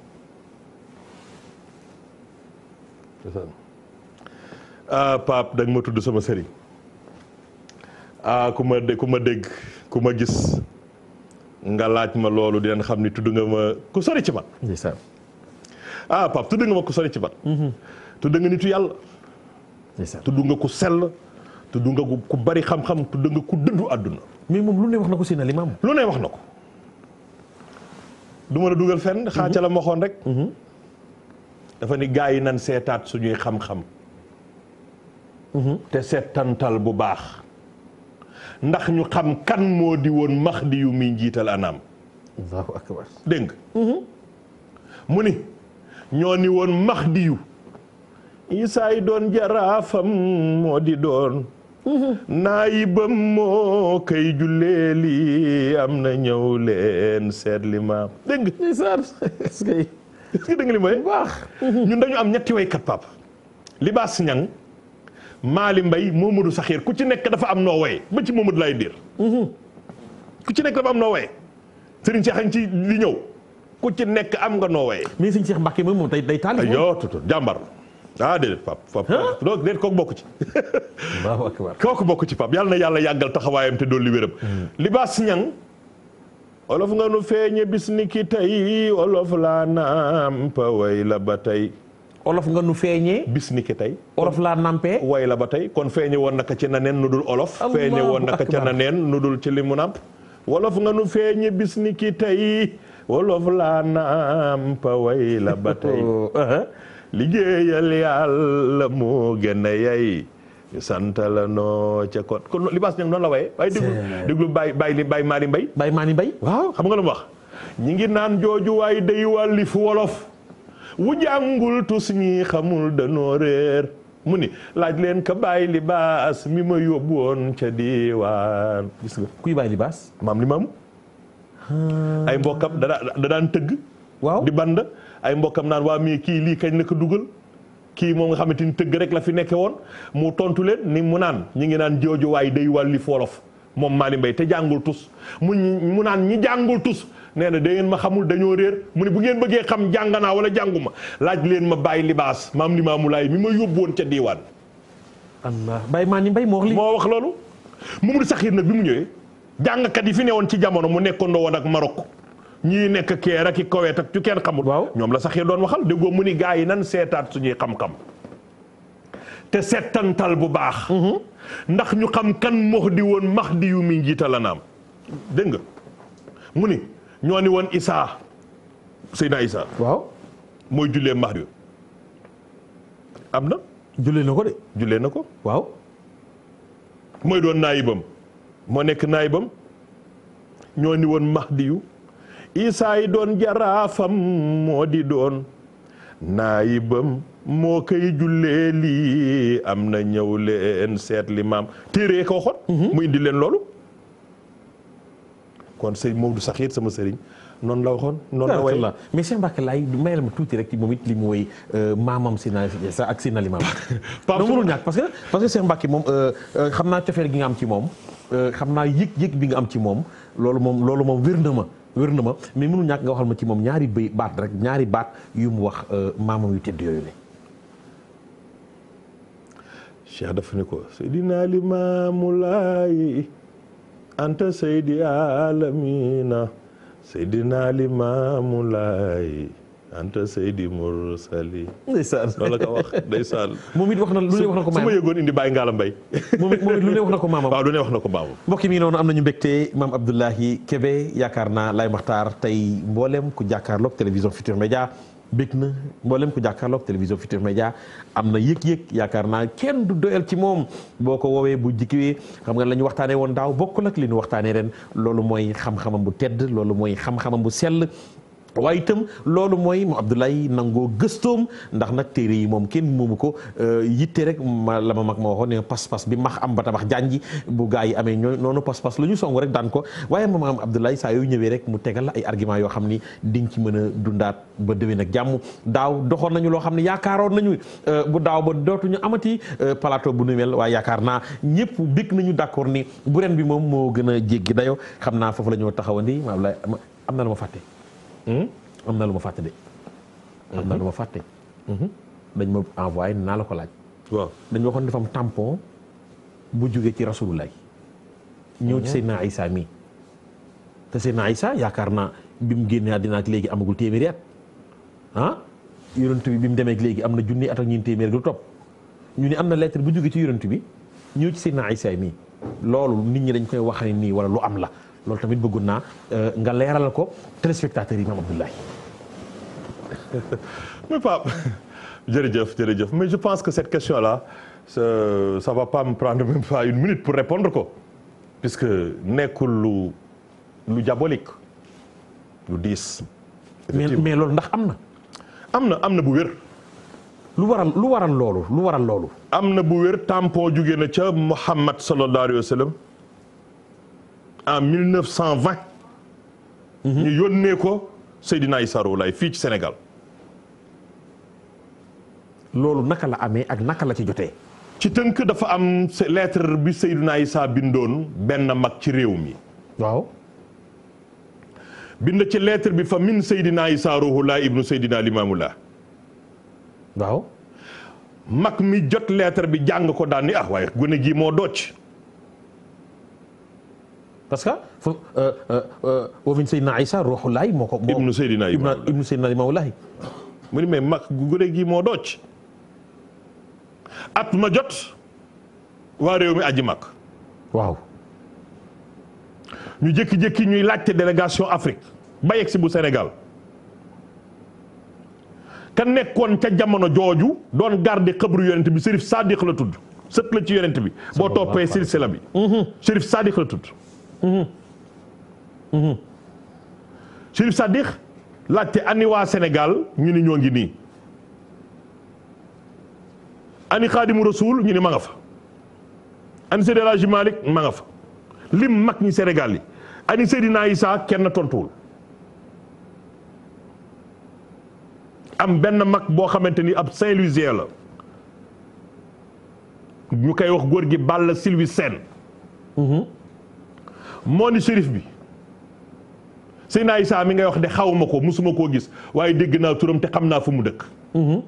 Ah, Pape da ma tudd sama sëriñ ah ku ma dé ku gis. nga laaj ma loolu dinañ xam ni tudd nga ma ku sori ci man. ah Pape tudd nga ma ku sori ci man. Mhm. tudd nga nitu yàlla. tudd nga ku sell. tudd nga ku bari xam-xam tudd nga ku dëddu àdduna. mais moom lu ne wax na ko si na li maam lu ne wax na ko. du ma la dugal fenn. xaa mhm. la ma waxoon rek. Mhm. dafa ni gars yi nan seetaat suñuy xam-xam. te seetantal bu baax. ndax ñu xam kan moo di woon di yu muy njiital anam. allahu mu ni ñoo ni woon Mahdi yu Isaa yi doon jaraafam moo di doon. naayibam moo kay julleeli am na ñëw leen seet maam dégg nga. est dañu am ñetti waykat pap libaas ñang Maali Mbay Momadou Saxiir ku ci nekk dafa am noo woye ba ci Momadou lay dir mhm. ku ci nekk dafa am noo woye Serigne Cheikh añ ci li ñëw ci nekk am nga noo woye si Serigne Cheikh Mbacke moom moom day day taalif yoo ah déedéet Pape Pape donc déedéet kooku bokk ci kooku bokk ci Pape yàlla na yàlla yàggal taxawaayam te dolli wéram hmm. libaas ñang olof nga nu feeñe bis ni ki tey olof laa naam pa la ba tey olof nga nu feeñee. bis ni tey. olof laa nampee. way la ba tey kon feeñe woon naka ci na neen nu dul olof. feeñe woon naka ci na neen nu dul ci li mu namp. wolof nga nu feeñe bis ni ki tey wolof laa nampa way la ba tey. Oh, uh-huh. liggéeyal yàlla moo gën a yay. ñu sant la noo ca kon kon libaas ñoom noonu la waye waaye déglu déglu Baye Baye Baye Mali Mbaye. Baye waaw xam nga lu mu ñi ngi naan jooju waay fu wolof. wu jàngul tus ñi xamul danoo réer mu ni laaj leen ka bàyyi libaas mi ma yóbbu woon di waa gis nga kuy bàyyi libaas maam li maamu ah. ay mbokkam da daan tëgg waaw di band ay mbokkam naan waa mii kii lii kañ la dugal kii moom nga xamante ni tëgg rek la fi nekke woon mu tontu leen ni mu naan ñi ngi naan jooju waay day wàlli wolof moom Maalim Mbay te jàngul tus mu mu naan ñi jàngul tus nee na da ma xamul dañoo réer mu ne bu ngeen bëggee xam jàng naa wala jàngu laaj leen ma bàyyi libaas maam Limaamu Laay mi ma yóbbu woon ca diiwaan. allah Baye Mani Mbaye moo wax lii. moo wax loolu Mamadou Sakhir nag bi mu ñëwee jàngkat yi fi newoon ci jamono mu nekkandoo woon ak Maroc. ñii nekk keer ak i Koweït ak ci kenn xamul. waaw ñoom la Saxiir doon waxal déggoo mu ni gaa yi nan seetaat suñuy xam-xam. te seetantal bu baax. Mm-hmm. ndax ñu xam kan mox di woon max di yu mi njiitala dégg nga mu ni. ñoo ni woon Isaa Seydina Isaa waaw mooy jullee Mahdi am na jullee na ko de jullee na ko waaw mooy doon naayibam moo nekk naayibam ñoo ni woon max yu Isaa yi doon jaraafam moo di doon naayibam moo koy jullee lii am na ñëw leen seet li maam téere ko waxoon mhm. mu indi leen loolu kon sëñ Maodo Saxiir sama sëriñ noonu la waxoon noonu la way mais Cheikh Mbacke Laye mayal ma tuuti rek ci moom it li mooy euh, maamam Sina parce que parce que Cheikh Mbacke moom euh, euh, xam naa cofeel gi am ci moom xam naa yëg-yëg bi nga am ci moom loolu moom loolu moom wér na ma wér na ma mais mënul ñàkk nga waxal ma ci moom ñaari bay baat rek ñaari baat yu mu wax maamam yu tedd yooyu ne Cheikh dafa Laay anta saydi alamina seydina limaamu laay anta saydi mursali ndeysaan loolu la ko wax ndeysaan moom it wax na lu wax na ko maamam su ma yëgoon indi moom it wax na ko maamam waaw lu ne wax na ko maamam mbokki mi noonu am nañu mbégte maam Abdoulaye Kébé yaakaar naa Laye Makhtar tey mboolem ku jàkkaarloog télévision Futurs bég na mboolem ko jàkkaarloog télévision Futurs Médias am na yëg-yëg yaakaar naa kenn du doyal ci moom boo ko woowee bu jikkiwee xam nga la ñu waxtaanee woon daaw bokkul ak li ñu waxtaanee ren loolu mooy xam-xamam bu tedd loolu mooy xam-xamam bu sell waaye itam loolu mooy mu Abdoulaye nangoo gëstoom ndax nag téere yi moom kenn moomu ko euh, yitte rek ma la ma mag ma waxoon ne pas bi max am ba tabax janji bu gaa yi amee ñoo noonu pas-pas la ñu song rek daan ko waaye ma am Abdoulaye saa yu ñëwee rek mu tegal la ay argument yoo xam ni di ci mën a dundaat ba déwén ak jàmm daaw doxoon nañu loo xam ne yaakaaroon nañu euh, bu daaw ba dootuñu amati euh, plateau bu nu mel waaye yaakaar naa ñëpp bég nañu d'accord ni bu ren bi moom moo gën a jéggi dayo xam naa foofu la ñoo taxawandi ma Abdoulaye am na la ma fàtte Hmm? am na lu ma fàtte de. am na lu ma fàtte. Hmm? dañ ma envoyé na la ko laaj. waaw dañ ma waxoon dafa bu jugee ci rasulullah ñëw ci hmm? na Isa mii. te Seydina Isa yaakaar na bi mu génnee àddina ak léegi amagul téeméeri at ah yonent bi bi mu demee léegi am na junni at ak ñeent lu topp ñu ne am na lettre bu jugee ci yonent bi ñëw ci Seydina Isa mii loolu nit ñi dañ koy wax nii wala lu am la. loolu tamit bëggoon naa euh, nga leeralal ko téléspectateurs yi maam Abdoulaye. mais Pape jërëjëf jërëjëf mais je pense que cette question là sa ça va pas me prendre même une minute pour répondre ko puisque nekkul lu lu diabolique lu dis mais mais loolu ndax am na. am na am na bu wér. lu waral lu waral loolu lu waral loolu. am na bu wér tampon jugee na ca Muhammad sallallahu alayhi wa sallam. en 1920. ñu yónnee ko Seydina Issa Rouhou Laye fii ci Sénégal. loolu naka la amee ak naka la ci jotee. ci tënk dafa am lettre bi Seydina Issa bindoon benn mag ci réew mi. waaw. bind ci lettre bi fa min Seydina Issa Rouhou Laye ibnu Seydina Limamou Laye waaw. mag mi jot lettre bi jàng ko daan ni ah waaye gone gii moo docc parce que fo woowuñu Seydina Isa ruuxu laay moo ko. moo ibnu Seydina Imaam laay ibnu Seydina Imaam laay mu ni mais mag gure gi moo dooc at ma jot waa réew mi aji mag. waaw. ñu jékki-jékki ñuy laajte délégation Afrique ba si bu senegal ka nekkoon ca jamono jooju doon garde xëbru yonent bi Serif Sadiq la tudd sët la ci yonent bi. boo toppee silsila bi. Serif mhm. Sadiq la tudd. Mmh. Mmh. Mmh. Chérif Sadikh laajte ani waa Sénégal ñu ni ñoo ngi nii ani xaadimu rasul ñu ni ma nga fa ani Seydi El Hadji Malick ma fa lim mag ñi Sénégal yi ani Seydina Issa kenn tontuwul am benn mag boo xamante ni ab Saint-Louisien la ñu koy wax góor gi Balla Sylvie Sène moo ni shérif bi Seydina Issa mi ngay wax de xawuma ko musuma koo gis waaye dégg naa turam te xam naa fu mu dëkk mm-hmm.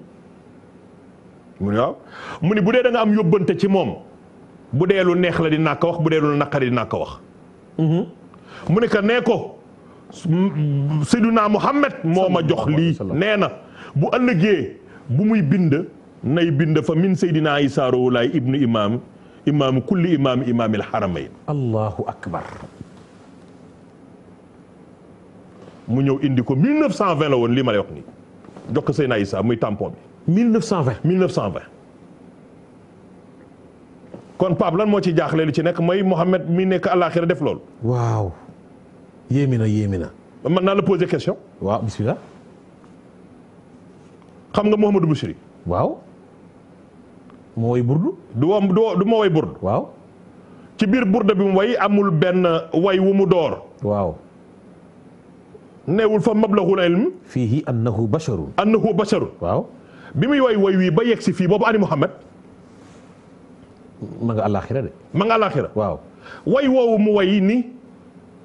mu ne ni bu dee da am yóbbante ci moom bu dee lu neex la di ko wax bu dee lu naqari dinaa ko wax mm-hmm. mu ne ko nee ko Seydina Muhammad moo ma jox lii nee na bu ëllëgee bu muy bind nay bind fa min Seydina Issa Rouhou Laye ibnu imam imaamu kulli imaam imaamil xaramayn allahu akbar mu ñëw indi ko 1920 la woon lii ma lay wax nii jox ko Seyna Issa muy tampon bi. 1920 1920. kon Pape lan moo ci jaaxle li ci nekk mooy Mouhamed mi nekk àllaaxira def loolu. waaw yéemi na yéemi na. man naa la poser question. waaw bismillah. xam nga Mouhamadou Bouchri. waaw. moo way burdu. du woo du moo way burdu. waaw ci burda bi mu way amul benn way wu mu door. waaw. neewul fa mablaxul ilm. fiihi annahu basharun. annahu basharun. waaw bi muy way way wii ba yegg si fii boobu ani Muhammad. ma nga àllaaxira de. ma nga àllaaxira. waaw way woowu mu way ni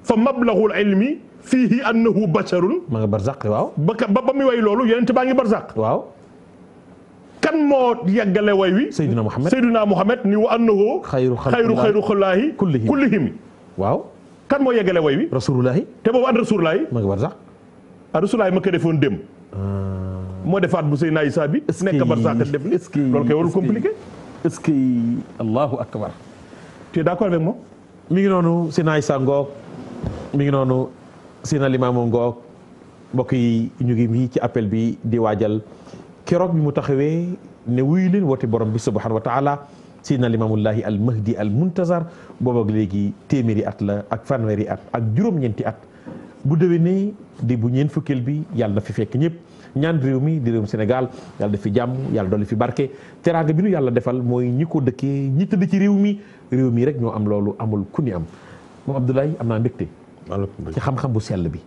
fa mablaxul ilmi fiihi annahu basharun. ma nga barzaq waaw. ba ba muy way loolu yonent baa ngi barzaq. kan moo yàggale way wi. Seydina Mohamed Seydina Mohamed ni wa annahu. xayru xayru xayru xullaahi kullihim kullihim waaw. kan moo yeggale way wi. rasulullahi te boobu an rasulullahi. ma ngi war sax. ah rasulullahi ma ko defoon dem. Ah. moo defaat bu Seydina Isa bi. est ce que nekk barsaax def li est ce que loolu kay warul ce que allahu akbar. tu d' accord avec mi ngi noonu Seydina Isa ngoog mi ngi noonu Seydina Limaamu ngoog mbokk yi ñu ngi fii ci appel bi di waajal. keroog bi mu taxawee ne wuyu leen woote borom bi subhanahu wa taala sidna limaamullahi al mahdi al muntazar booba ak léegi téeméeri at la ak fanweeri at ak juróom-ñeenti at bu déwénee di bu ñeen fukkeel bi yàlla na fi fekk ñëpp ñaan réew mi di réewum Sénégal yàlla def fi jàmm yàlla dolli fi barke teraanga bi nu yàlla defal mooy ñi ko dëkkee ñi tëdd ci réew mi réew mi rek ñoo am loolu amul ku ni am moom Abdoulaye am naa mbégte ci xam-xam bu sell bi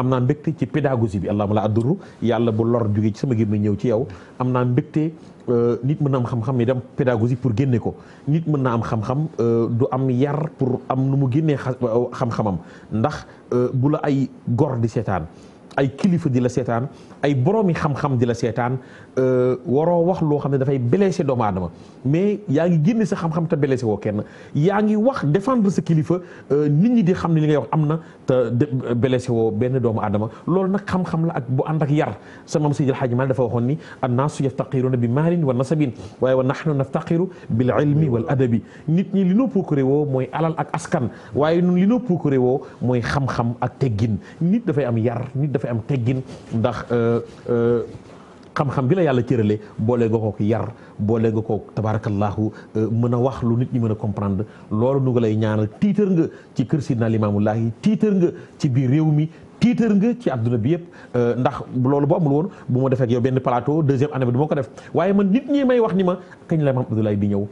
am naa mbégte ci pédagogie bi allahumma la adduru yàlla bu lor jógee ci sama gémmiñ ñëw ci yow am naa mbégte euh, nit mën na am xam-xam yi dem pédagogie pour génne ko nit mën na am xam-xam euh, du am yar pour am nu mu génnee euh, xam-xamam ndax bu la ay gor di seetaan ay kilifa di la seetaan ay boroomi xam-xam di la seetaan euh, waroo wax loo xam ne dafay blessé doomu adama mais yaa ngi génne sa xam-xam te blessé woo kenn yaa ngi wax défendre sa kilifa euh, nit ñi di xam ne li ngay wax am na te euh, blessé woo benn doomu adama loolu nag xam-xam la ak bu ànd ak yar sa maam Seydi El Hadji Malick dafa waxoon ni annaasu yaftaqiruuna bi maalin wa nasabin waaye wa nahnu naftaqiru bil ilmi wal adabi nit ñi li noo woo mooy alal ak askan waaye ñun li noo procuré woo mooy xam-xam ak teggin nit dafay am yar nit dafay am teggin ndax Euh, euh, xam-xam bi la yàlla cëralee boole nga kook yar boole nga kook tabaarakallaahu euh, mën a wax lu nit ñi mën a comprendre loolu nu nga lay ñaanal tiitar nga ci kër Sidna Limaamu Laahi tiitar nga ci biir réew mi tiitar nga ci àdduna bi yëpp ndax loolu bu amul woon bu ma defee ak yow benn plateau deuxième année du ma ko def waaye man nit ñi may wax ni ma kañ la maam Abdoulaye di ñëw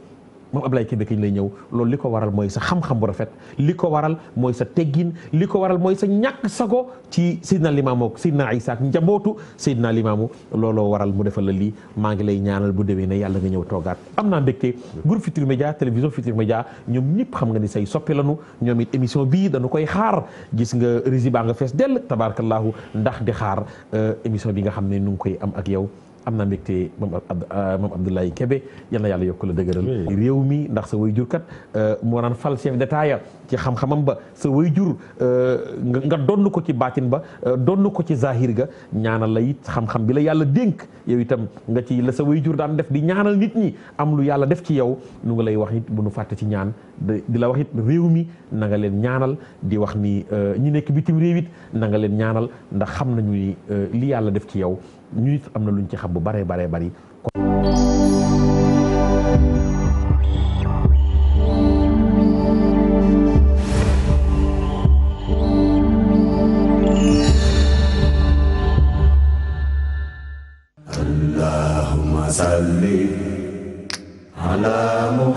moom Ablaye Kébé kañ lay ñëw loolu li ko waral mooy sa xam-xam bu rafet li ko waral mooy sa teggin li ko waral mooy sa ñàkk sago ci Seydina Limaamu ak Seydina Isa ak njabootu Seydina Limaamu looloo waral mu defal la lii maa ngi lay ñaanal bu déwee ne yàlla nga ñëw toogaat am naa mbégte groupe Futurs Médias télévision Futurs Médias ñoom ñëpp xam nga ni say soppe lanu ñoom it émission bii dañu koy xaar gis nga rési baa nga fees dell tabaarakallahu ndax di xaar euh, émission bi nga xam ne nu ngi koy am ak yow am na mbégte moom euh, moom Abdoulaye Kébé yal na yàlla yokk la dëgëral réew mi ndax sa way jur kat euh, moo naan fal chef de ya ci xam-xamam ba sa way jur euh, nga donn ko ci baatin ba donn ko ci zahir ga ñaanal la it xam-xam bi la yàlla dénk yow itam nga ci la sa way jur daan def di ñaanal nit ñi am lu yàlla def ci yow nu nga lay wax it bu nu fàtte ci ñaan di la wax it réew mi nanga leen ñaanal di wax ni ñu nekk bitim réew it na leen ñaanal ndax xam nañu ni li yàlla def ci yow ñu it am na luñ ci xam bu baree baree bari Allahumma salli ala